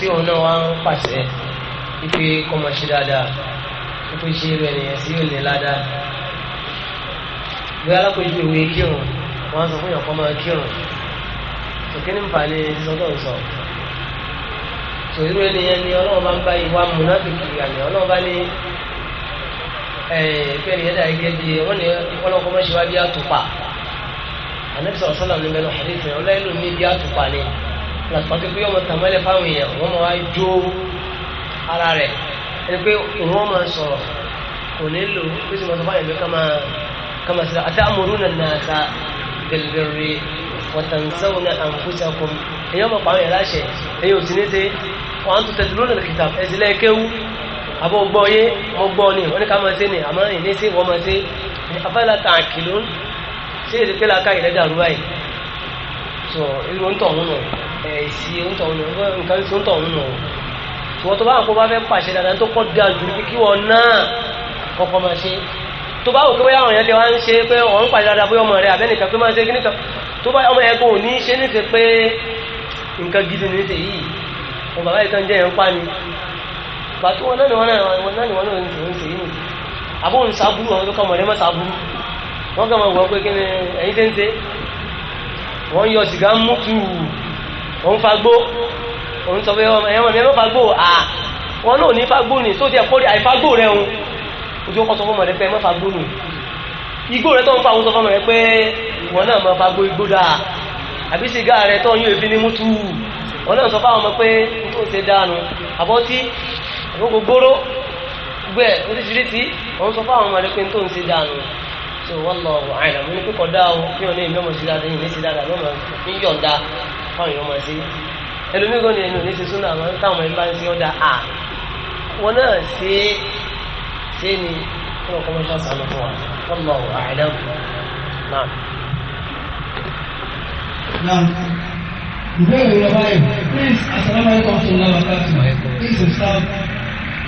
tí òun náà wá ń pàṣẹ wípé kó máa ṣe dáadáa wípé ṣe irú ènìyàn tí yóò lè ládàá bí alákòójú ìwé kírun wọn sọ fún yàn kó máa kírun òkè ní nfa ni sọ́tọ̀ sọ tò irú ènìyàn ni ọlọ́run bá ń bá ìwà múnáfìkì àná ọlọ́run bá ní ẹ̀ẹ́dẹ́gbẹ̀rún yẹn dàgẹ́ bíi wọ́n ní ọlọ́run kó máa ṣe wá bí àtùpà anabi sọ̀rọ̀ sọ́lá ló mẹ́nu hadith yẹn ọlọ́yìn ló ní bí àtùpà ni làtùpà tó pé ọmọ tàmọ́lẹ̀ fáwọn èèyàn wọ́n máa jó ara rẹ̀ ẹni pé ìwọ́n máa sọ̀rọ̀ kò ní lò ó sì máa sọ fáwọn èèyàn kama kama sí àti amòrú nà nà ta bẹ̀rẹ̀bẹ̀rẹ̀ wọ̀tàǹsáwò nà àǹfùsàkùn èèyàn máa pàwọn èèyàn láṣẹ èèyàn ò sì ní ṣe wọn tún tẹ̀sí lónà kìtà ẹ̀sìlẹ̀ kéwú àbọ̀ gbọ́ yé wọ́n ni wọ́n ní ká máa ṣe ni àmọ́ ìní sí wọ́n máa ṣe afẹ́lá tààkì lónìí tí èdè pé làákà yìí lẹ́dà rúwà yìí sọ irú ń tọ̀ nínú ẹ̀sì ń tọ̀ nínú nǹkan tó ń tọ̀ nínú ṣùgbọ́n tó bá ń kó bá fẹ́ pàṣẹ dandan tó kọ́ da jù ní kí wọn náà kọ́kọ́ máa ṣe tó bá wò pé bóyá àwọn èèyàn lè wá ń ṣe pé ọ̀n pàṣẹ dandan bóyá ọmọ rẹ àbẹ́nìkan pé máa ṣe kí tó bá ọmọ ẹ̀kọ́ òní ṣe nìkan pé nǹkan gidi ní ṣe yìí wọn bàbá yìí kan jẹ́ ẹ̀ ń pa ni pàtó wọn náà ni wọn náà ni wọn náà ni wọn náà ń ṣe yìí àbóhùn sábúrú àwọn tó kọ́ mọ̀ wọ́n kàn máa wọ̀ pé kí ni ẹ̀yin tẹ́ ń ṣe wọ́n ń yọ sìgá mú tùù òun fagbó òun sọ pé ẹ̀wọ̀n mi ẹ̀ máa fagbó à wọ́n náà ní fagbó ni tó ti ẹ̀ kórè àìfagbó rẹ̀ òun ojú ọkọ̀ sọ fún ọmọ rẹ pé ẹ máa fagbó nù igbó rẹ tó ń fa òun sọ fún ọmọ rẹ pé wọ́n náà máa fagbó igbó dáa àbí sìgá rẹ tó ń yọ èéfín ní mú tùù wọ́n náà sọ fáwọn ọmọ pé tó ń ṣe dáanu àbọ́tí àbókò gbóró gbẹ oríṣiríṣi òun sọ fáwọn ọmọ rẹ pé tó ń ṣe dáanu tó wọ́n lọ wọ̀ àyìnlá mo ní kíkọ́ dá o kí wọ́n ní ìlú ọmọ sí dáadáa yìí ní sí dáadáa lọ́mọ ní yọ̀ǹda fáwọn èèyàn máa ṣe ẹlòmíràn ní ẹnu ní ṣe súnà àmọ́ táwọn ẹ̀ bá ń ṣe ọ̀dà à wọn náà ṣe é ṣe ni kí wọ́n kọ́ mọ́ ṣáà sànù fún wa wọ́n lọ wọ̀ àyìnlá náà. Ìbéèrè rẹ̀ báyìí, please, asalaamu alaykum wa rahmatulahi wa barakatuh. Please, sir,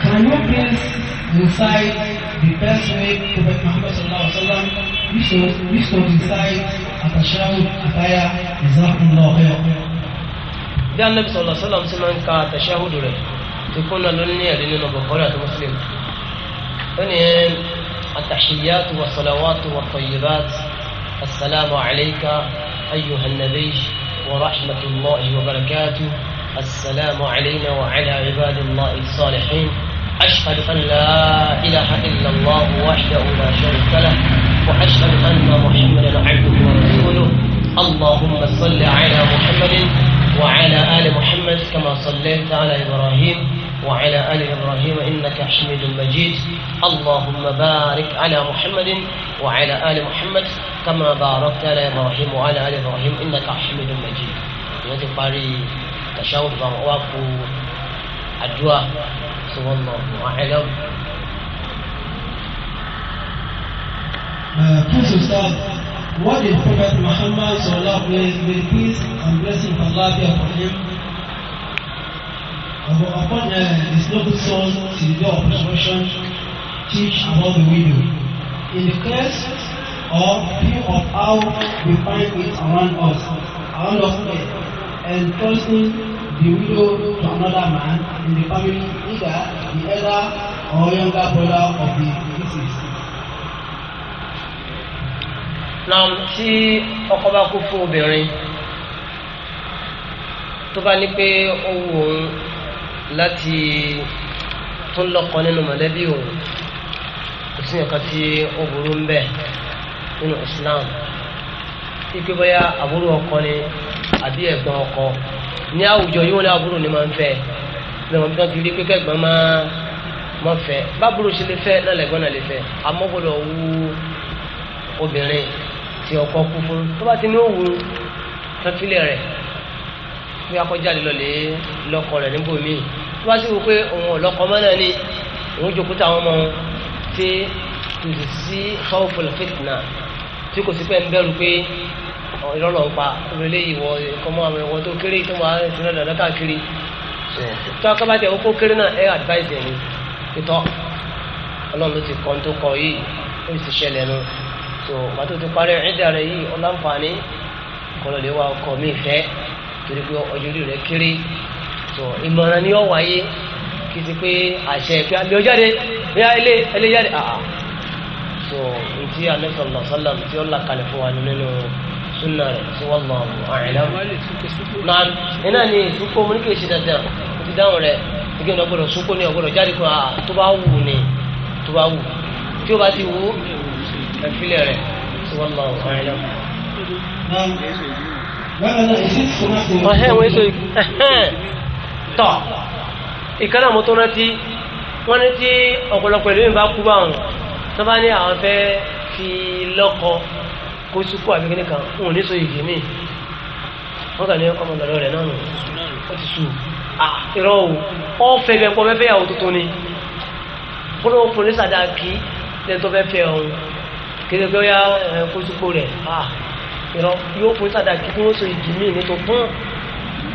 can you please recite the best way Prophet Muhammad sallallahu alaihi wasallam used to used to recite at a shout attire is Allah khair. Bí Anabi sallallahu alaihi wasallam ṣe máa ń ka àtàṣáhùdù rẹ̀ tó kún náà lónìí ẹ̀rí nínú Bukhari àti Muslim. Ó ní àtàṣíyàtù wa salawatu wa tayyibat asalaamu alayka ayyuha nabi wa rahmatulahi wa barakatuh asalaamu alayna wa ala ibadillahi salihin. أشهد أن لا إله إلا الله وحده لا شريك له وأشهد أن محمدا عبده ورسوله اللهم صل على محمد وعلى آل محمد كما صليت على إبراهيم وعلى آل إبراهيم إنك حميد مجيد اللهم بارك على محمد وعلى آل محمد كما باركت على إبراهيم وعلى آل إبراهيم إنك حميد مجيد يتقاري تشاور وقو أدواء sọ wọn lọ wọn Prophet Muhammad sallallahu with peace and blessing of Allah be upon him? Upon uh, his noble son to the door of resurrection, teach about the widow. In the quest or view of how we find it around us, around us, and trusting the widow to another man in the family, either the elder or younger brother of the deceased. Naam tí ọkọ bá kú fún obìnrin tó bá ní pé ó wù òun láti tún lọ́kọ nínú mọ̀lẹ́bí òun kò sí nǹkan tí ó burú ń bẹ nínú Islam. Ipe bóyá àbúrò ọkọ ni àbí ẹ̀gbọ́n ọkọ ní àwùjọ yóò ní àbúrò ni máa ń fẹ́ lọ́wọ́ bí wọ́n ti rí pé ẹ̀gbọ́n máa máa fẹ́ bábúrò ṣe lè fẹ́ náà lẹ́gbọ́n náà lè fẹ́ àmọ́ gbọ́dọ̀ wú obìnrin tí ọkọ kú fún tó bá ti ní òwú tọ́tílẹ̀ rẹ̀ bí akọ́jáde lọ lè lọ́kọ rẹ̀ níbo míì tó bá ti wù pé òun ọ̀lọ́kọ mọ́ náà ni òun jòkó táwọn ọmọ tí tòṣì sí fáwọn fòlọ́fẹ́tì náà tí kò sí pẹ́ ń bẹ̀rù pé àwọn ìrọ̀lọ́ ń pa ìrọ̀lẹ́ ìwọ ìkọ́mọ́ àwọn ìwọ tó kéré tó máa ń sinú dandan káàkiri tó akábàtì ẹ̀wọ́ kó kéré náà ẹ̀ advice ẹ̀yìn ìtọ́ ọlọ́run ló ti kọ́ tó kọ yìí ó sì ṣẹlẹ̀ nu tó wà tó ti parí ẹ̀dá rẹ̀ yìí ọláǹfààní kọlọ̀lẹ́ wa ọkọ̀ mi fẹ́ torí pé ọjọ́ orí rẹ̀ kéré tó ìmọ̀ràn ni ó wáyé kí ti pé àṣẹ ìpè àbí bí ilé ẹlẹ́jáde àà tó ntí anẹ́sọ̀lọ́sọ́lá tí ó súnà rẹ̀ tí wọ́n mọ àìlá. náà iná ni ìsúkó mo ní kí èsì dandan mo ti dáhùn rẹ̀ nígbà ní ọgbọ́dọ̀ súnkó ní ọgbọ́dọ̀ jáde kó a tó bá wù ni tó bá wù tí ó bá ti wù ẹ̀fílẹ̀ rẹ̀ tí wọ́n mọ àìlá. ọ̀hẹ́ wọ́n èso tọ̀ ìkànnà mo tó rántí wọ́n ní tí ọ̀pọ̀lọpọ̀ ìlú mi bá kú báwọn tó bá ní àwọn fẹ́ fi lọ́kọ̀ọ́ kó sukú àbí kíní kan fún òní sọ yìí mí wọn kà ní ọmọ lọ́dọ̀ rẹ̀ náà nù ó ti sùn irọ́ o ọ fẹ́ bẹ́ẹ̀ kọ́ fẹ́fẹ́ yàwó tuntun ni fúnà fún ní sàdá kí lẹ́tọ́ fẹ́fẹ́ ọ̀hún kéde pé ó yá kó sukú rẹ̀ irọ́ yóò fún ní sàdá kí kí wọ́n sọ yìí mí ní tuntun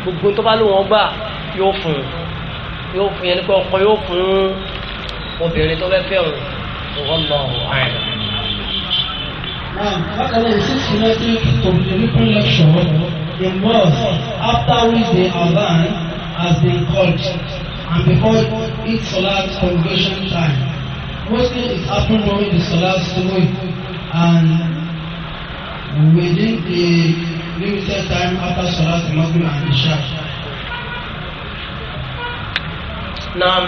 gbogbo tó bá lò wọ́n gbà yóò fún yóò fún yẹn ní pé ọkọ yóò fún obìnrin tó fẹ́fẹ́ ọ̀hún ọ̀hún lọ́wọ́ àìlọ́. Bákan náà, six kinetic complementary lecture in mosque after which the Adhan has been called and before each Salat congregation time. Mostly it happened during the Salat Subuh and within the limited time after Salat Maghrib and Isha. Naam,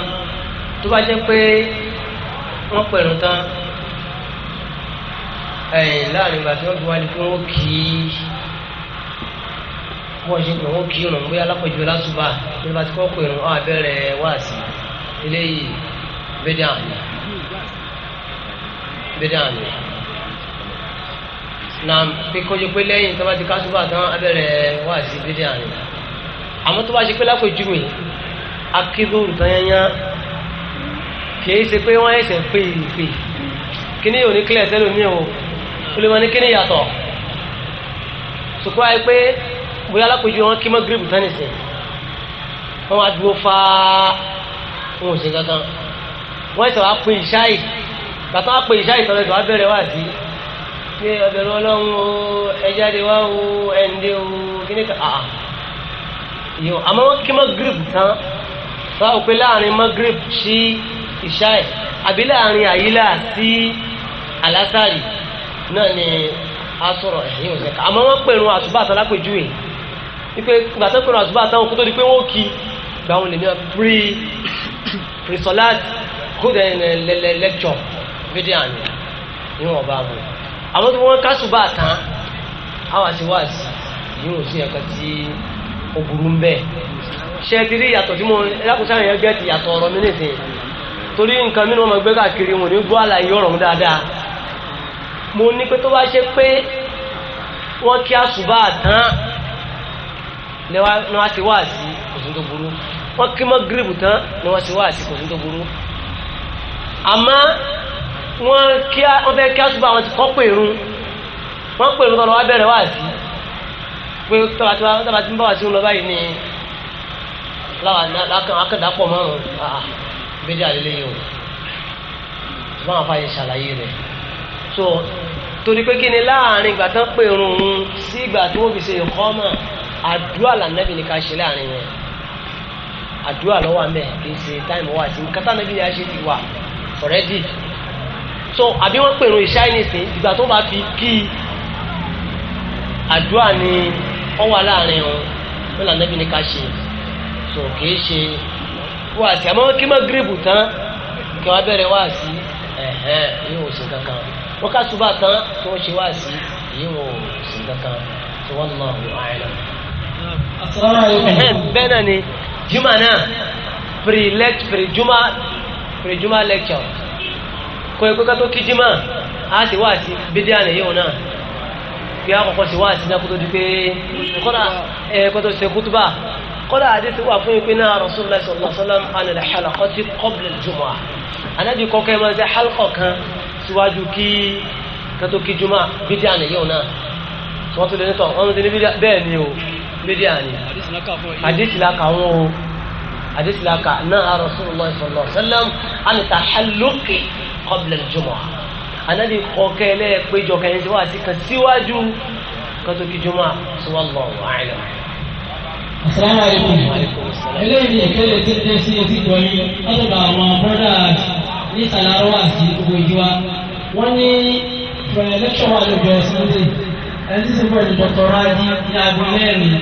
tó bá jẹ́ pé wọ́n pẹ̀rù tán ẹ̀yìn láàrin ìgbà tí wọ́n fi wá ní kí wọ́n kí wọ́n ṣe pé wọ́n kí irun bóyá alápèjọ lásùbà ní bá ti kọ́ pé irun abẹ́rẹ́ wá sí eléyìí bẹ́dẹ̀ àná bẹ́dẹ̀ àná na pé kọjú pé lẹ́yìn tó bá ti kásùbà tán abẹ́rẹ́ wá sí bẹ́dẹ̀ àná tó bá ṣe pé lápèjú mi akíndóòrù tán kì í ṣe pé wọ́n ẹ̀sẹ̀ pé ìpè kí ni òní kílẹ̀ sẹ́lómi o olùmọ̀ ní kíni yàtọ̀ sùkúrò ayé pé bóyá alákòjú wọn kí mọ́ gírèbù tánì sí wọn wá dúró fa wọn ò ṣe kankan wọn ẹsẹ̀ wá pè ìṣáì bàtà wá pè ìṣáì tọ́lẹ̀ tó wá bẹ̀rẹ̀ wá sí pé ọbẹ̀rún ọlọ́run o ẹjáde wá o ẹ̀ǹdẹ̀ o kíní kan àà yìí àmọ́ wọn kí mọ́ gírèbù tán wọn ò pé láàrin mọ́ gírèbù sí ìṣáì àbí láàrin àyílà sí àlásàrì náà ni a sọ̀rọ̀ ẹ̀yìn òsè ká àmọ́ wọ́n pèrún àsùbà àtàlà pèjú ẹ̀ wípé ìgbà tó pèrún àsùbà àtàwọn kó di pé wọ́n kí gba àwọn ènìyàn pre pre-solat kódà lẹ́lẹ́lẹ́kṣọ̀ fídíò àná ìwọ̀n ọba àbò àwọn tó wọ́n kásùbà tán àwọn àṣewàṣì yìí ò sí ẹ̀ka tí ó burú ń bẹ́ẹ̀ ṣe ti rí ìyàtọ̀ tí mo lákòóso àwọn èèyàn gẹ́ẹ̀tì ìyàtọ̀ ọ̀rọ̀ mi nìsín torí nǹkan mìíràn wọn máa gbé káàkiri wọn ò ní gbọ́ àlàyé ọ̀rọ̀ dáadáa mo ní pé tó bá ṣe pé wọ́n kí àṣùbà tán ni wọ́n ti wá sí kò sí tó burú wọ́n kí mọ́ gírìbù tán ni wọ́n ti wá sí kò sí tó burú àmọ́ wọ́n kí wọ́n fẹ́ kí àṣùbà wọn ti kọ́ pè run wọ́n pè run tọ́lọ́ wá bẹ̀rẹ̀ wá sí pé tọ́ba tí wọ́n ti ń bá wá sí ń lọ báyìí ni láwọn akẹ́dàpọ̀ márùn-ún bíjà lélẹ́yìn o wọ́n àfàyè ṣàlàyé rẹ̀ so torí pé kí ni láàrin ìgbà tán pé irun òun sí ìgbà tí wọ́n fi ṣe ìkọ́mà àdúrà lànàbì ní ká ṣe láàrin yẹn àdúrà lọ́wọ́ àmẹ́ kì í ṣe táìmù wá sí nǹkan táwọn ẹbí yà ṣe ti wà ọ̀rẹ́dì so àbí wọ́n pè irun ìṣá ìnìsín ìgbà tó bá fi kí àdúrà ni wọ́n wà láàrin òun wọ́n lànàbì ní ká ṣe so kì í ṣe wá sí àmọ́ kí má gírèbù tán kí wọ́n abẹ́rẹ́ wá sí ẹ̀hẹ́n yóò ṣe kankan wọ́n ká ṣùgbọ́n tán tí wọ́n ṣe wá sí èyí wọn ò sí kankan tí wọ́n lọ àwọn àìlọ. bẹ́ẹ̀ náà ni juma náà pre-lect pre-juma pre-juma lecture kò yẹ kókó tó kí juma á ti wá sí bídíà nìyí wọn náà pé àkọ́kọ́ sí wá sí náà kó tó di pé kọ́dà ẹ̀ẹ́kọ́ tó ṣe kútúbà kọ́dà àdìsí wà fún ìpínlẹ̀ Rasulullah sallallahu alaihi wasallam ànàdà halaqati qabla al-jumu'ah ànábì kọ́kọ́ ẹ̀ máa ń ṣe halqa kan síwájú kí kátó kí juma bídíà nìyẹn náà tí wọ́n tó lé nítọ̀ wọ́n ti ní bídíà bẹ́ẹ̀ ni o bídíà ni àdéṣìláka wọn o àdéṣìláka náà rasulullah sallallahu alaihi wasallam àni tahalluqi qabla al-jumu'ah anabi kọ̀ọ̀kẹ́ lẹ́ẹ̀pẹ́jọ kẹ́yìn síwájú kátó kí juma sallallahu alaihi wasallam. Assalamu alaikum. Eléyìí ni ìkéde tí ń dé sí etí gbọ̀nyí lọ́dọ̀dọ̀ àwọn bọ́dà ní Sàlárọ̀ àti gbogbo ìjọba. Wọ́n ní ìfọ̀yẹ̀ lẹ́kṣọ̀ wà lóògbé Sunday. Ẹni tí sọ́kọ̀ ní Dr. Raji ní aago mẹ́rin.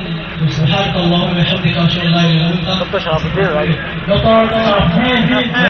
Subhanallah wa bihamdika ashhadu an la ilaha illa anta. Dr. Sharafudin Dr. Sharafudin.